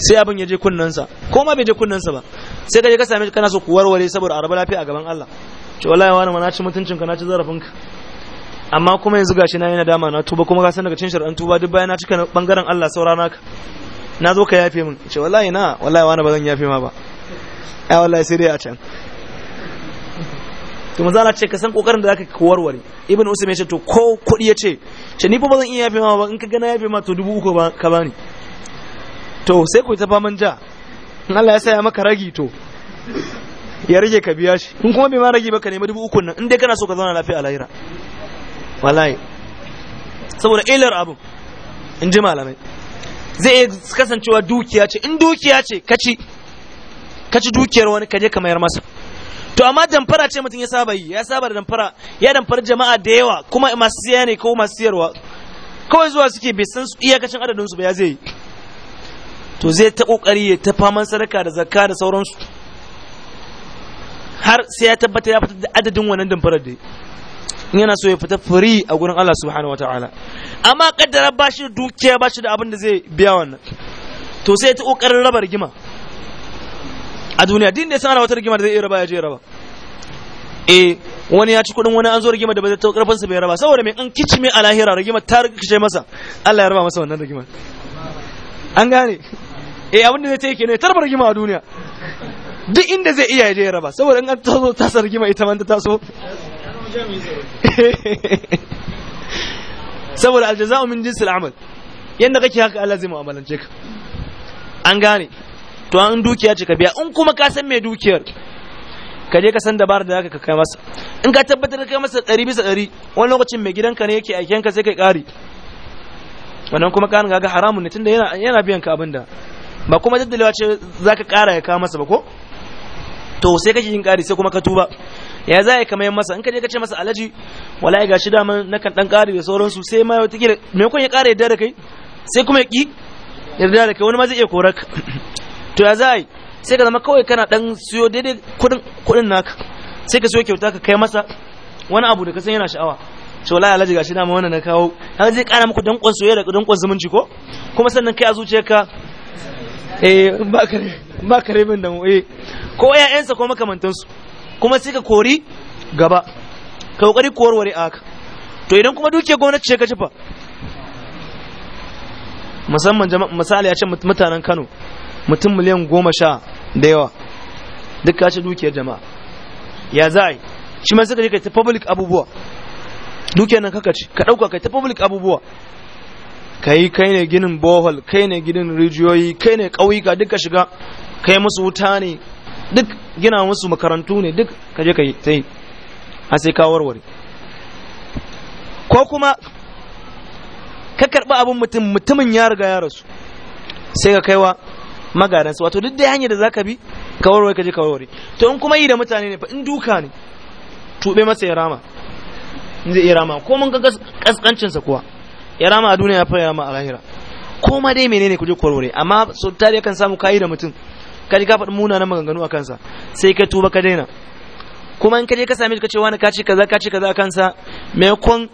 A: sai abin ya je kunnansa ko ma bai je kunnansa ba sai ka je ka same shi kana so ku warware saboda araba lafiya a gaban Allah to wallahi wani ma na ci mutuncin ka na ci zarafin ka amma kuma yanzu gashi na yana dama na tuba kuma ka san daga cin shar'an tuba duk bayan na cika bangaren Allah saurana ka na zo ka yafe min ce wallahi na wallahi wani ba zan yafe ma ba ai wallahi sai dai a can to manzo Allah ce ka san kokarin da zaka ka warware ibn usman ya ce to ko kudi ya ce ce ni fa ba zan iya yafe ma ba in ka ga na yafe ma to dubu uku ka bani to sai ku ta faman ja in Allah ya saya maka ragi to ya rage ka biya shi in kuma bai ma ragi baka nemi dubu ukun nan in dai kana so ka zauna lafiya a lahira wallahi saboda ilar abu in ji malamai zai iya kasancewa dukiya ce in dukiya ce kaci kaci dukiyar wani kaje ka mayar masa to amma damfara ce mutum ya saba yi ya saba da damfara ya damfara jama'a da yawa kuma masu siya ne ko masu siyarwa kawai zuwa suke bai san iyakacin adadin su ba ya zai yi to zai ta kokari ya ta faman sadaka da zakka da sauransu har sai ya tabbata ya fitar da adadin wannan damfarar da yana so ya fita free a gurin Allah subhanahu wataala amma kaddara ba shi dukiya ba shi da abin da zai biya wannan to sai ta kokarin raba rigima a duniya din da ya sana wata rigima da zai iya raba ya je raba eh wani ya ci kudin wani an zo rigima da ba zai karfin sa bai raba saboda mai an kicime a lahira rigima ta rikice masa Allah ya raba masa wannan rigima an gane eh abin da zai ta yi kenan tarbar gima a duniya duk inda zai iya yaje ya raba saboda in an taso tasar gima ita man ta taso saboda aljaza'u min jinsi al'amal yanda kake haka Allah zai mu'amalance ka an gane to an dukiya ce ka biya in kuma ka san mai dukiyar ka je ka san dabar da zaka kai masa in ka tabbatar kai masa ɗari bisa ɗari wani lokacin mai gidanka ne yake aiken ka sai kai ƙari wannan kuma ƙarin gaga haramun ne tunda yana yana biyan ka abin da ba kuma daddalewa ce za ka ƙara ya kawo masa ba ko to sai kake yin ƙari sai kuma ka tuba ya za a yi kamar masa in ka je ka ce masa alaji wala ga shi dama na kan ɗan ƙari da sauransu sai ma wata kira me kun ya ƙara yadda da kai sai kuma ya ƙi yarda da kai wani ma zai iya korar ka to ya za a yi sai ka zama kawai kana ɗan siyo daidai kuɗin naka sai ka siyo kyauta ka kai masa wani abu da ka san yana sha'awa to wala alaji gashi dama wannan na kawo an zai ƙara muku danƙon soyayya da danƙon zumunci ko kuma sannan kai a zuciyarka eh ba kare min da mu eh ko ƴaƴansa ko makamantansu kuma sai ka kori gaba ka kokari korware a haka to idan kuma duke gwamnati ce ka ci fa musamman misali a ce mutanen Kano mutum miliyan goma sha da yawa duk ka ci dukiyar jama'a ya za a yi shi ma suka je kai ta public abubuwa dukiyar nan kaka ce, ka ɗauka kai ta public abubuwa kai kai ne ginin bohol kai ne ginin rijiyoyi kai ne ƙauyuka duka shiga kai musu wuta ne duk gina musu makarantu ne duk kaje ka yi a sai ka warware ko kuma ka karɓi abin mutum mutumin ya riga ya rasu sai ka kaiwa magadansa wato duk da hanyar da za ka bi ka warware ka je ka warware to in kuma yi da mutane ne fa in duka ne tuɓe masa ya rama in zai iya rama ko mun ga kaskancinsa kuwa ya rama a duniya ya rama a lahira ko ma dai menene kuje je amma so tare kan samu kai da mutum ka ji faɗi munanan maganganu a kansa sai ka tuba ka daina kuma in ka je ka sami ka ce wani ka ce kaza ka ce kaza a kansa maimakon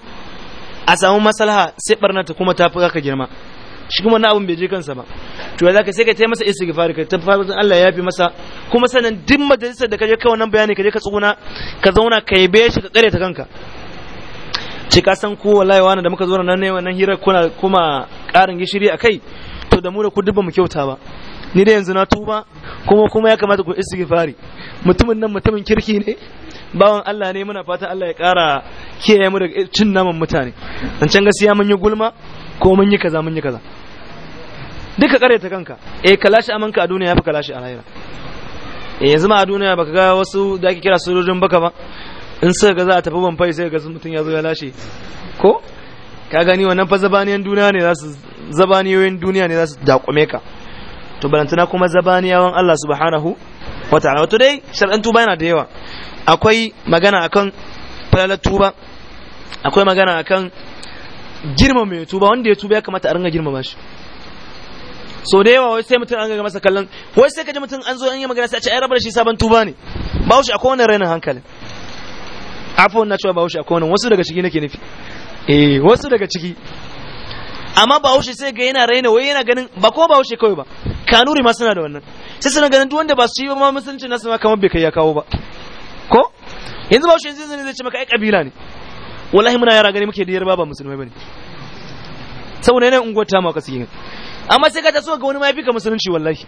A: a samu maslaha sai barna ta kuma ta fi ka girma shi kuma na abun bai je kansa ba to za ka sai ka tai masa istighfar ka ta fara Allah ya fi masa kuma sanan duk majalisar da ka je kai wannan bayani ka je ka tsuguna ka zauna ka yabe shi ka kare ta kanka ce ka san ko wallahi wani da muka zo nan ne wannan hirar kuna kuma ƙarin gishiri a kai to da mu da ku duk mu kyauta ba ni da yanzu na tuba kuma kuma ya kamata ku istighfari mutumin nan mutumin kirki ne bawan Allah ne muna fata Allah ya ƙara kiyaye mu daga cin naman mutane an can gaskiya mun yi gulma ko mun yi kaza mun yi kaza duka kare ta kanka eh kalashi amanka a duniya ya fi kalashi a lahira eh yanzu ma a duniya baka ga wasu da ake kira sojojin baka ba in suka ga za a tafi ban fai sai ga mutum ya zo ya lashe ko ka gani wannan fa zabaniyan duniya ne za su zabaniyoyin duniya ne za su dakume ka to balantana kuma zabaniyawan Allah subhanahu wa ta'ala wato dai shar'an tuba yana da yawa akwai magana akan falalar tuba akwai magana akan girma mai tuba wanda ya tuba ya kamata a ringa girma shi so da yawa wai sai mutum an ga masa kallon wai sai kaji mutum an zo an yi magana sai a ce ai rabar shi sabon tuba ne ba shi akwai wannan rainin hankalin afon na cewa bahaushe akwai wannan wasu daga ciki nake nufi eh wasu daga ciki amma bahaushe sai ga yana raina wai yana ganin ba ko bahaushe kawai ba kanuri ma suna da wannan sai suna ganin duk wanda ba su yi ba ma musulunci nasu ma kamar bai kai ya kawo ba ko yanzu bahaushe yanzu yanzu ne zai ce maka ai kabila ne wallahi muna yara gani muke da yarba ba musulmai bane saboda yana unguwar ta ma ka sigin amma sai ka taso ga wani ma ya fika musulunci wallahi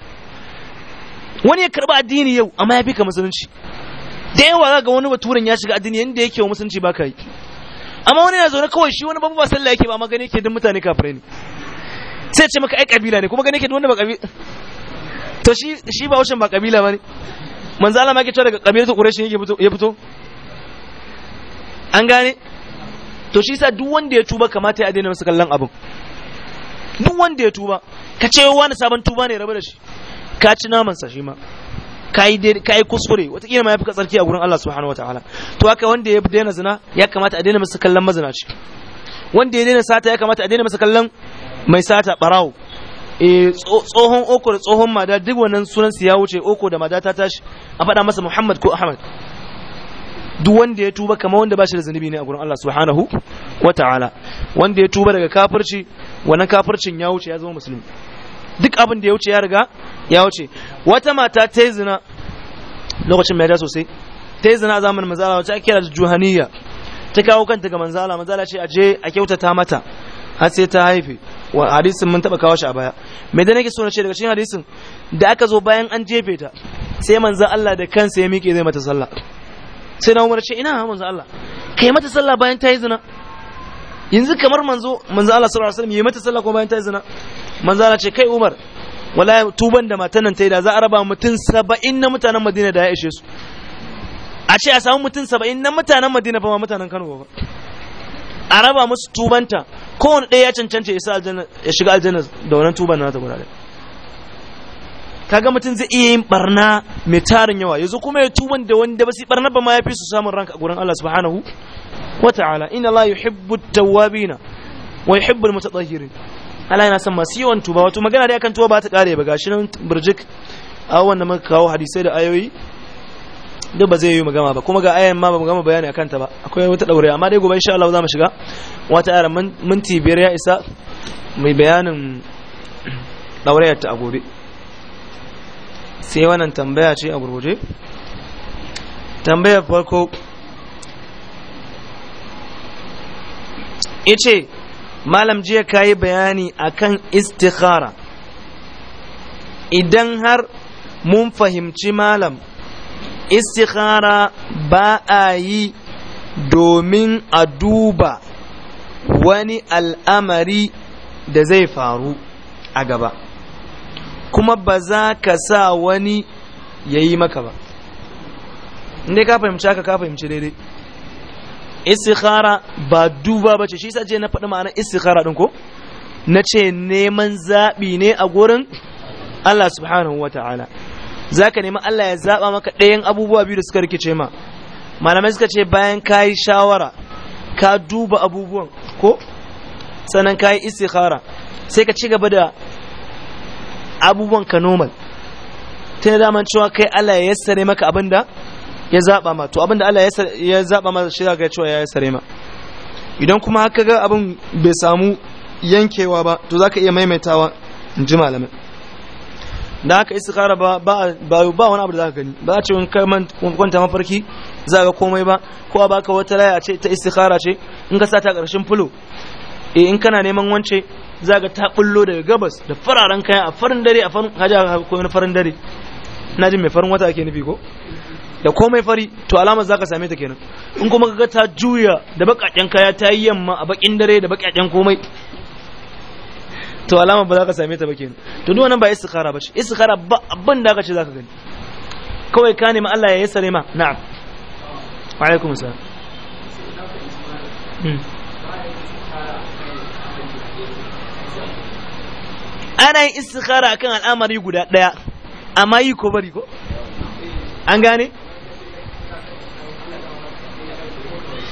A: wani ya karba addini yau amma ya fika musulunci da yawa ga wani baturen ya shiga addini yadda yake wa musulunci ba ka yi amma wani na zaune kawai shi wani babu ba sallah yake ba amma gani yake duk mutane kafirai ne sai ce maka ai kabila ne kuma gani yake duk wanda ba kabila to shi shi ba wucin ba kabila ba manzo Allah ma yake cewa daga kabilar Quraysh yake ya fito an gane to shi sa duk wanda ya tuba kamata ya daina masa kallon abin duk wanda ya tuba ka ce wani sabon tuba ne rabu da shi ka ci namansa shi ma kai dai kai kuskure wata kila ma yafi ka tsarki a gurin Allah subhanahu wataala to haka wanda ya daina zina ya kamata a daina masa kallon mazinaci wanda ya daina sata ya kamata a daina masa kallon mai sata barawo eh, tsohon oko da tsohon mada duk wannan sunan su ya wuce oko da mada ta tashi a faɗa masa Muhammad ko Ahmad duk wanda ya tuba kamar wanda ba shi da zunubi ne a gurin Allah subhanahu wataala wanda ya tuba daga kafirci wannan kafircin ya wuce ya zama musulmi duk abin da ya wuce ya riga ya wuce wata mata ta yi zina lokacin mai da sosai ta yi zina zamanin manzala wacce ake da juhaniya ta kawo kanta ga manzala manzala ce aje a kyautata mata har sai ta haife wa hadisin mun taba kawo shi a baya me da nake so na ce daga cikin hadisin da aka zo bayan an jefe ta sai manzon Allah da kansa ya miƙe zai mata sallah sai na umar ce ina manzon Allah kai mata sallah bayan ta yi zina yanzu kamar manzo manzon Allah sallallahu alaihi wasallam ya mata sallah kuma bayan ta yi zina manzon Allah ce kai Umar wallahi tuban da matan nan ta yi da za a raba mutum saba'in na mutanen madina da ya ishe su a ce a samu mutum saba'in na mutanen madina ba ma mutanen kano ba a raba musu tubanta kowane ɗaya ya cancanta ya shiga aljanna da wannan tuban na ta guda ɗaya kaga mutum zai iya yin barna mai tarin yawa yanzu kuma ya tuban da wanda ba su barna ba ma ya fi su samun ranka a gurin Allah subhanahu wa ta'ala inna la yuhibbu tawwabina wa yuhibbu al-mutatahhirin Allah yana son masu yawan tuba wato magana dai akan tuba ba ta kare ba gashi nan burjik a wannan muka kawo hadisai da ayoyi duk ba zai yi magana ba kuma ga ayan ma ba mu gama bayani akan ta ba akwai wata daure amma dai gobe insha Allah za mu shiga wata ayar minti biyar ya isa mai bayanin daurayar ta a gobe sai wannan tambaya ce a gurguje tambayar farko yace malam jiya yi bayani akan istikhara idan har mun fahimci malam istikhara ba a yi domin a duba wani al'amari da zai faru a gaba kuma ba za ka sa wani ya yi maka ba inda ka fahimci haka ka fahimci daidai istikhara ba duba ba ce shi yasa je na faɗi ma'anar istikhara ɗin ko na ce neman zaɓi ne a gurin Allah subhanahu wa ta'ala za ka nemi Allah ya zaɓa maka ɗayan abubuwa biyu da suka rikice ma malamai suka ce bayan ka yi shawara ka duba abubuwan ko sannan ka yi istikhara sai ka ci gaba da abubuwan ka normal ta daman cewa kai Allah ya yassare maka abin da ya zaba ma to abinda Allah ya zaba ma shi ga cewa ya sare ma idan kuma haka ga abin bai samu yankewa ba to zaka iya maimaitawa in ji malamin da haka istikhara ba ba ba wani abu da zaka gani ba a ce in kai man kwanta mafarki za ga komai ba ko a baka wata laya ce ta istikhara ce in ka sata karshen fulo eh in kana neman wance za ga ta bullo daga gabas da fararen kaya a farin dare a farin haja ko wani farin dare na ji mai farin wata ake nufi ko da komai fari to alama za ka same ta kenan in kuma ga ta juya da bakakken kaya ta yi yamma a bakin dare da bakakken komai to alama ba za ka same ta ba kenan to duk wannan ba istikhara ba ce istikhara ba abin da ka ce zaka gani kawai ka nemi Allah ya yassare ma na'am wa alaikum assalam hmm. ana yin istikhara akan al'amari guda daya amma yi ko bari ko an gane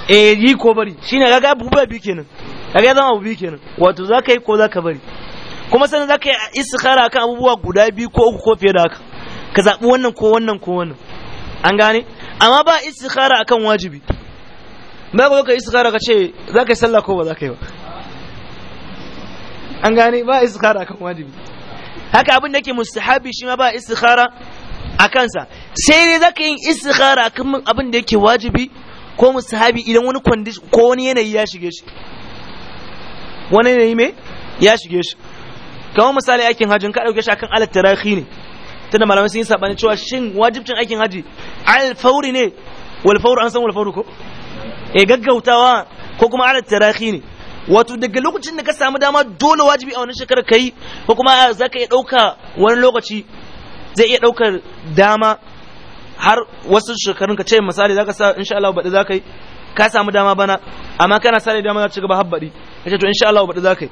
A: eh yi ko bari shine kaga ba biyu kenan kaga ya zama abu bi kenan wato za yi ko za ka bari kuma sannan za yi istikhara kan abubuwa guda biyu ko uku ko fiye da haka ka zaɓi wannan ko wannan ko wannan an gane amma ba istikhara akan wajibi ba ka zo ka istikhara ka ce za yi sallah ko ba za ka yi ba an gane ba istikhara akan wajibi haka abin da yake mustahabi shi ma ba istikhara a kansa sai dai za yi istikhara akan abin da yake wajibi ko musahabi idan wani kwandis ko wani yanayi ya shige shi wani yanayi me ya shige shi kamar misali aikin hajjin ka dauke shi akan alat tarahi ne tunda malamai sun yi sabani cewa shin wajibcin aikin haji al fauri ne wal fauru an san wal fauru ko e gaggautawa ko kuma alat tarahi ne wato daga lokacin da ka samu dama dole wajibi a wannan shekarar kai ko kuma za ka iya ɗauka wani lokaci zai iya ɗaukar dama har wasu shekarun ka ce misali zaka sa insha Allah baɗi zakai ka samu dama bana amma kana sare dama za cigaba gaba har baɗi kace to insha Allah baɗi zakai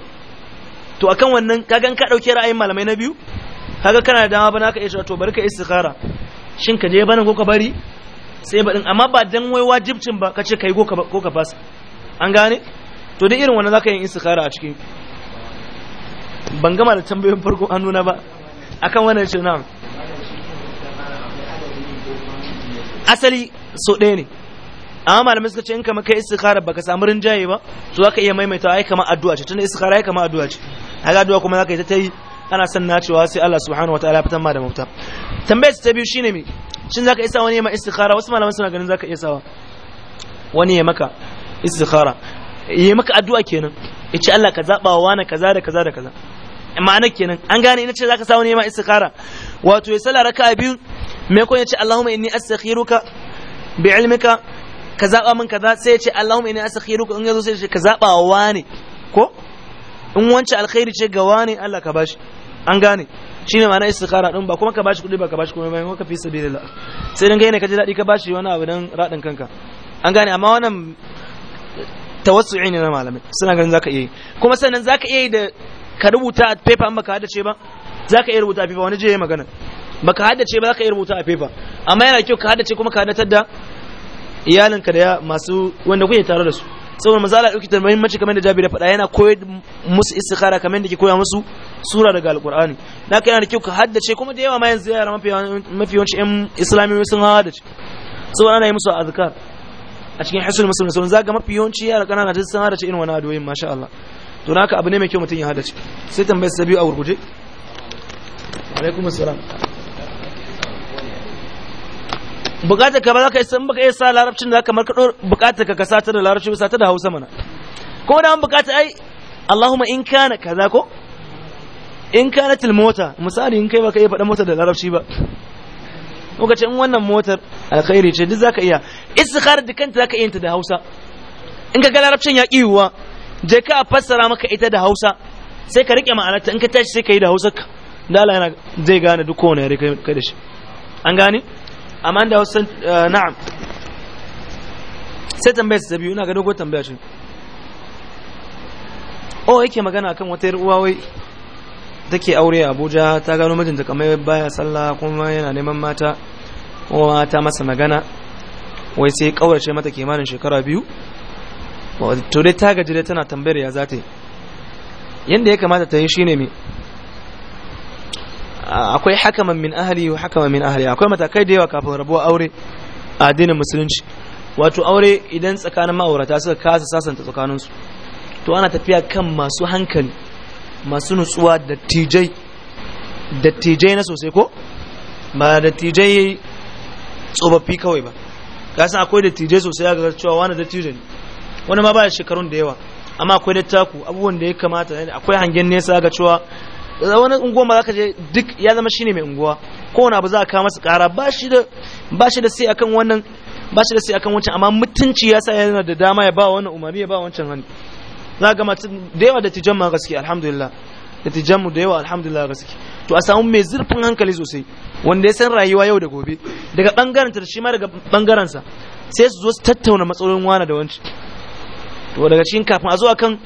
A: to akan wannan ka gan ka dauke ra'ayin malamai na biyu kaga kana da dama bana ka iya to bari ka istikhara shin ka je bana ko ka bari sai badin amma ba dan wai wajibcin ba kace kai go ka ko ka fasa an gane to duk irin wannan zaka yi istikhara a cikin ban gama da tambayoyin farko an nuna ba akan wannan shi na'am asali so ɗaya ne amma malamai suka ce in kama kai istikhara baka samu rinjaye ba to zaka iya maimaita ai kama addu'a ce tunda istikhara ai kama addu'a ce haka addu'a kuma zaka yi ta yi ana san cewa sai Allah subhanahu wataala ya fitar ma da mafita tambayar ta biyu shine me shin zaka isa wani ya ma istikhara wasu malamai suna ganin zaka iya sawa wani ya maka istikhara ya maka addu'a kenan ya ce Allah ka zaba wa na kaza da kaza da kaza Ma'anar kenan an gane ina ce zaka sa wani ya ma istikhara wato ya sala raka'a biyu me kun yace Allahumma inni astakhiruka bi ilmika ka zaba min kaza sai yace Allahumma inni astakhiruka in yazo sai yace ka zaba wa wani ko in wancan alkhairi ce ga wani Allah ka bashi an gane shine ma'ana istikhara din ba kuma ka bashi kudi ba ka bashi komai ba ka fi sabilillah sai dan gane ka ji dadi ka bashi wani abu dan radin kanka an gane amma wannan tawassu'i ne na malami suna ganin zaka iya yi kuma sannan zaka iya yi da ka rubuta a paper an baka da ce ba zaka iya rubuta a paper wani je ya magana baka haddace ba za ka iya rubuta a paper amma yana kyau ka haddace kuma ka haddatar da iyalinka da masu wanda kuke tare da su saboda maza Allah ɗauki da muhimmanci kamar da Jabir ya faɗa yana koyar musu istikhara kamar da ke koya musu sura daga Alƙur'ani da haka yana da kyau ka haddace kuma da yawa ma yanzu yara mafi yawanci ƴan islamiyoyi sun haddace saboda ana yi musu azkar a cikin hisul muslim sun zaga mafi yawanci yara kanana duk sun haddace irin wani adoyin masha Allah to naka abu ne mai kyau mutum ya haddace sai tambayar sa biyu a gurguje alaikum assalam bukatar ka ba za ka isa in baka iya sa larabcin da kamar ka bukatar ka kasa ta da larabci ba ta da hausa mana ko da an bukata ai Allahumma in kana kaza ko in kana til mota misali in kai baka iya faɗa mota da larabci ba muka ce in wannan motar alkhairi ce duk zaka iya istikhar da kanta zaka iya ta da hausa in ka ga larabcin ya kiwuwa je ka fassara maka ita da hausa sai ka rike ma'anarta in ka tashi sai ka yi da hausa da dala yana zai gane duk kowane rike kai da shi an gane amma da wasu eh, na'am sai tambaya su biyu ina ga dogon tambaya shi o oh, yake magana kan wata yar uwa wai take aure a Abuja ta gano mijinta kamar baya sallah kuma yana neman mata kuma ta masa magana wai sai kaurace mata kimanin shekara biyu to dai ta gaji dai tana tambayar ya zata yi yanda ya kamata ta yi shine me akwai hakaman min ahli wa hakaman min ahli akwai matakai da yawa kafin rabuwa aure a addinin musulunci wato aure idan tsakanin ma'aurata suka kasa sasanta tsakaninsu to ana tafiya kan masu hankali masu nutsuwa dattijai dattijai na sosai ko ba dattijai tsofaffi kawai ba kasan san akwai dattijai sosai ga cewa wani dattijai tijai wani ma ba shekarun da yawa amma akwai dattaku abubuwan da ya kamata akwai hangen nesa ga cewa wani unguwa ma zaka je duk ya zama shine mai unguwa kowane abu za kama masa kara ba shi da ba shi da sai akan wannan ba shi da sai akan wancan amma mutunci ya sa yana da dama ya ba wannan umarni ya ba wancan hannu. za ga gama da yawa da tijan ma gaske alhamdulillah da tijan mu da yawa alhamdulillah gaske to a samu mai zurfin hankali sosai wanda ya san rayuwa yau da gobe daga bangaren ta shi ma daga bangaren sa sai su zo su tattauna matsalolin wani da wancan to daga cikin kafin a zo akan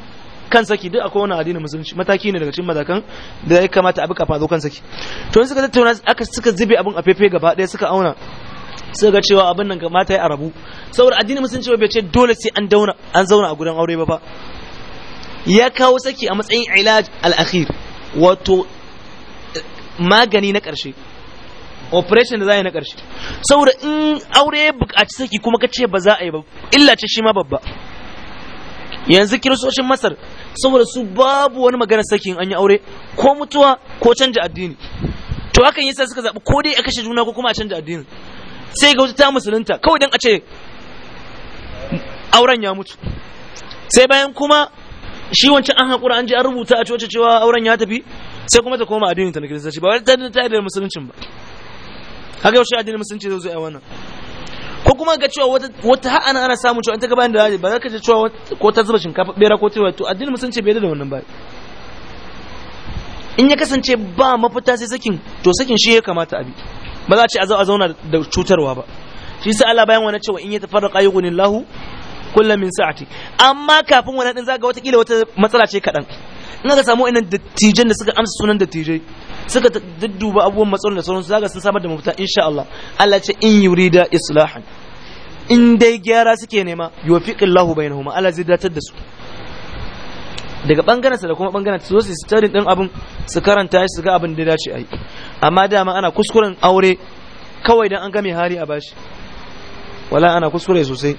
A: kan saki duk akwai wani addinin musulunci mataki ne daga cikin matakan da ya kamata abu kafa zo kan saki to in suka tattauna aka suka zube abin a fefe gaba ɗaya suka auna suka ga cewa abin nan kamata ya arabu saboda addinin musulunci bai ce dole sai an dauna an zauna a gudan aure ba fa ya kawo saki a matsayin ilaj al-akhir wato magani na ƙarshe operation da za a yi na ƙarshe saboda in aure ya buƙaci saki kuma ka ce ba za a yi ba illa ce shi ma babba yanzu kiristocin masar saboda su babu wani magana sakin an yi aure ko mutuwa ko canja addini to hakan yasa suka zaɓi ko dai a kashe juna ko kuma a canja addini sai ga wata ta musulunta kawai dan a ce auren ya mutu sai bayan kuma shi wancan an haƙura an je an rubuta a coci cewa auren ya tafi sai kuma ta koma addini ta na kiristanci ba wani ta da musuluncin ba haka yaushe addinin musulunci zai zo a wannan ko kuma ga cewa wata wata ana samu samun cewa ta gaban da ba za ka ce cewa ko ta zuba shinkafa bera ko tewa to addinin musulunci bai da wannan ba in ya kasance ba mafita sai sakin to sakin shi ya kamata abi ba za a ce a zauna da cutarwa ba shi sai Allah bayan wani cewa in ya tafarraqa yughnillahu kullum min sa'ati amma kafin wani din zaga wata kila wata matsala ce kadan in ka samu inan dattijan da suka amsa sunan dattijai suka dudduba abubuwan matsalolin da sauransu zaga sun samar da mafita insha Allah Allah ce in yurida islahan in dai gyara suke nema yuwaffiqillahu bainahuma Allah zai datar da su daga bangaren sa da kuma bangaren su su tarin din abin su karanta shi su ga abin da ya dace yi, amma dama ana kuskuren aure kawai dan an ga mai hari a bashi wala ana kuskure sosai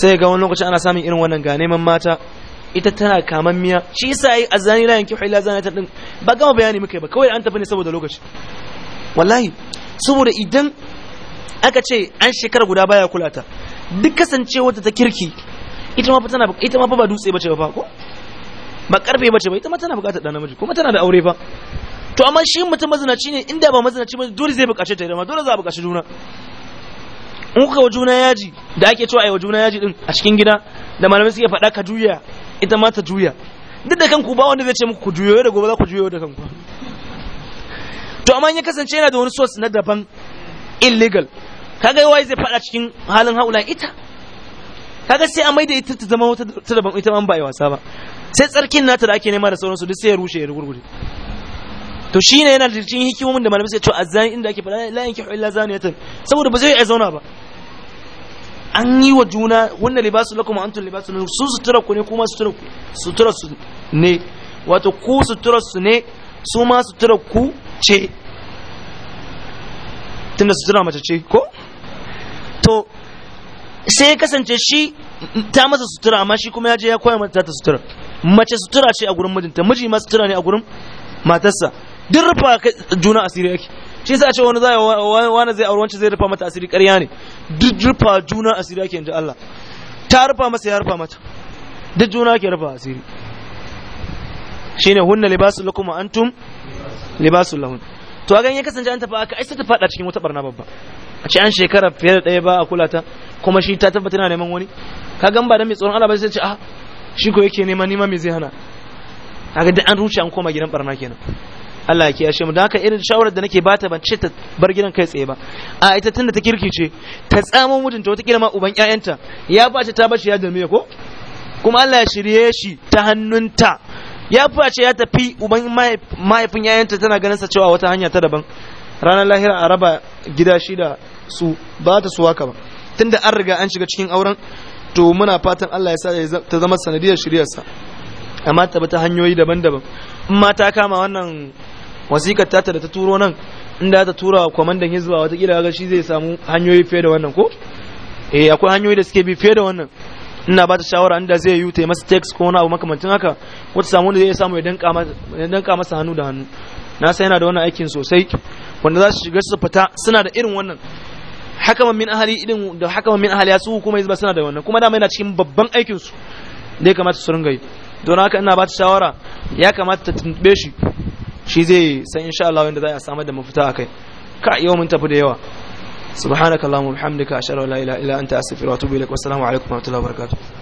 A: sai ga wani lokaci ana samun irin wannan ga neman mata ita tana kamammiya shi yasa yi azani la yankihu zana ta din ba gama bayani muka yi ba kawai an tafi ne saboda lokaci wallahi saboda idan aka ce an shekara guda baya kulata duk duk wata ta kirki ita ma fa tana ita ma ba dutse bace ba fa ko ba karfe bace ba ita ma tana bukatar da namiji kuma tana da aure fa to amma shi mutum mazinaci ne inda ba mazinaci ba dole zai bukace ta ma dole za a bukaci juna in kuka wa juna yaji da ake cewa ai wa juna yaji din a cikin gida da malamai suke faɗa ka juya ita ma ta juya duk da kanku ba wanda zai ce muku ku juyo da gobe za ku juyo da kanku to amma ya kasance yana da wani source na daban illegal kaga yawa zai fada cikin halin haula ita kaga sai a maida ita ta zama wata ta daban ita ma ba yi wasa ba sai tsarkin nata da ake nema da sauransu duk sai ya rushe ya rugurgure to shine yana da cikin hikimomin da malamai sai to azzani inda ake fada la yankihu illa zaniyatan saboda ba zai yi zauna ba an yi wa juna wanda libasu lakum antum libasu lakum su sutura ku ne kuma sutura ku sutura su ne wato ku sutura su ne su ma sutura ku ce tunda sutura mace ce ko to sai kasance shi ta masa sutura amma shi kuma ya je ya koya mata ta sutura mace sutura ce a gurin mijinta miji ma sutura ne a gurin matarsa duk rufa juna asiri yake shi yasa ce wani zai wani zai aure wancan zai rufa mata asiri ƙarya ne duk rufa juna asiri ake inda Allah ta rufa masa ya rufa mata duk juna ke rufa asiri shine hunna libasul lakum antum libasul lahun to a ganye kasance an tafi aka ai sai ta fada cikin wata barna babba a ce an shekara fiye da ɗaya ba a kula ta kuma shi ta tabbata na neman wani ka gan ba da mai tsoron Allah ba sai ce ah shi ko yake nema nima me zai hana kaga duk an ruce an koma gidan barna kenan Allah ya kiyashe mu don haka irin shawarar da nake bata ban ce ta bar gidan kai tsaye ba a ita tunda ta kirkice ta tsamo mutunta wata kila ma uban ƴaƴanta ya bace ta bace ya dame ko kuma Allah ya shirye shi ta hannunta ya face ya tafi uban mahaifin ƴaƴanta tana ganin sa cewa wata hanya ta daban ranar lahira a raba gida shi da su ba ta su haka ba tunda an riga an shiga cikin auren to muna fatan Allah ya sa ta zama sanadiyar shiryarsa amma ta bi ta hanyoyi daban-daban in ta kama wannan wasikar tata da ta turo nan inda ta tura wa kwamandan hizba watakila ga shi zai samu hanyoyi fiye da wannan ko eh akwai hanyoyi da suke bi fiye da wannan ina ba ta shawara inda zai yi ta masa text ko wani abu makamancin haka ko ta samu wanda zai samu ya danka masa hannu da hannu na san yana da wannan aikin sosai wanda za su shiga su fita suna da irin wannan hakaman min ahali irin da hakaman min ahali su kuma hizba suna da wannan kuma dama yana cikin babban aikin su da ya kamata su ringa yi don haka ina ba ta shawara ya kamata ta tuntube shi shi zai san insha Allah wanda za a samar da mafita akai ka yau mun tafi da yawa subhanakallahumma bihamdika ashhadu an la ilaha illa anta astaghfiruka wa atubu ilaik wassalamu alaikum wa rahmatullahi wa barakatuh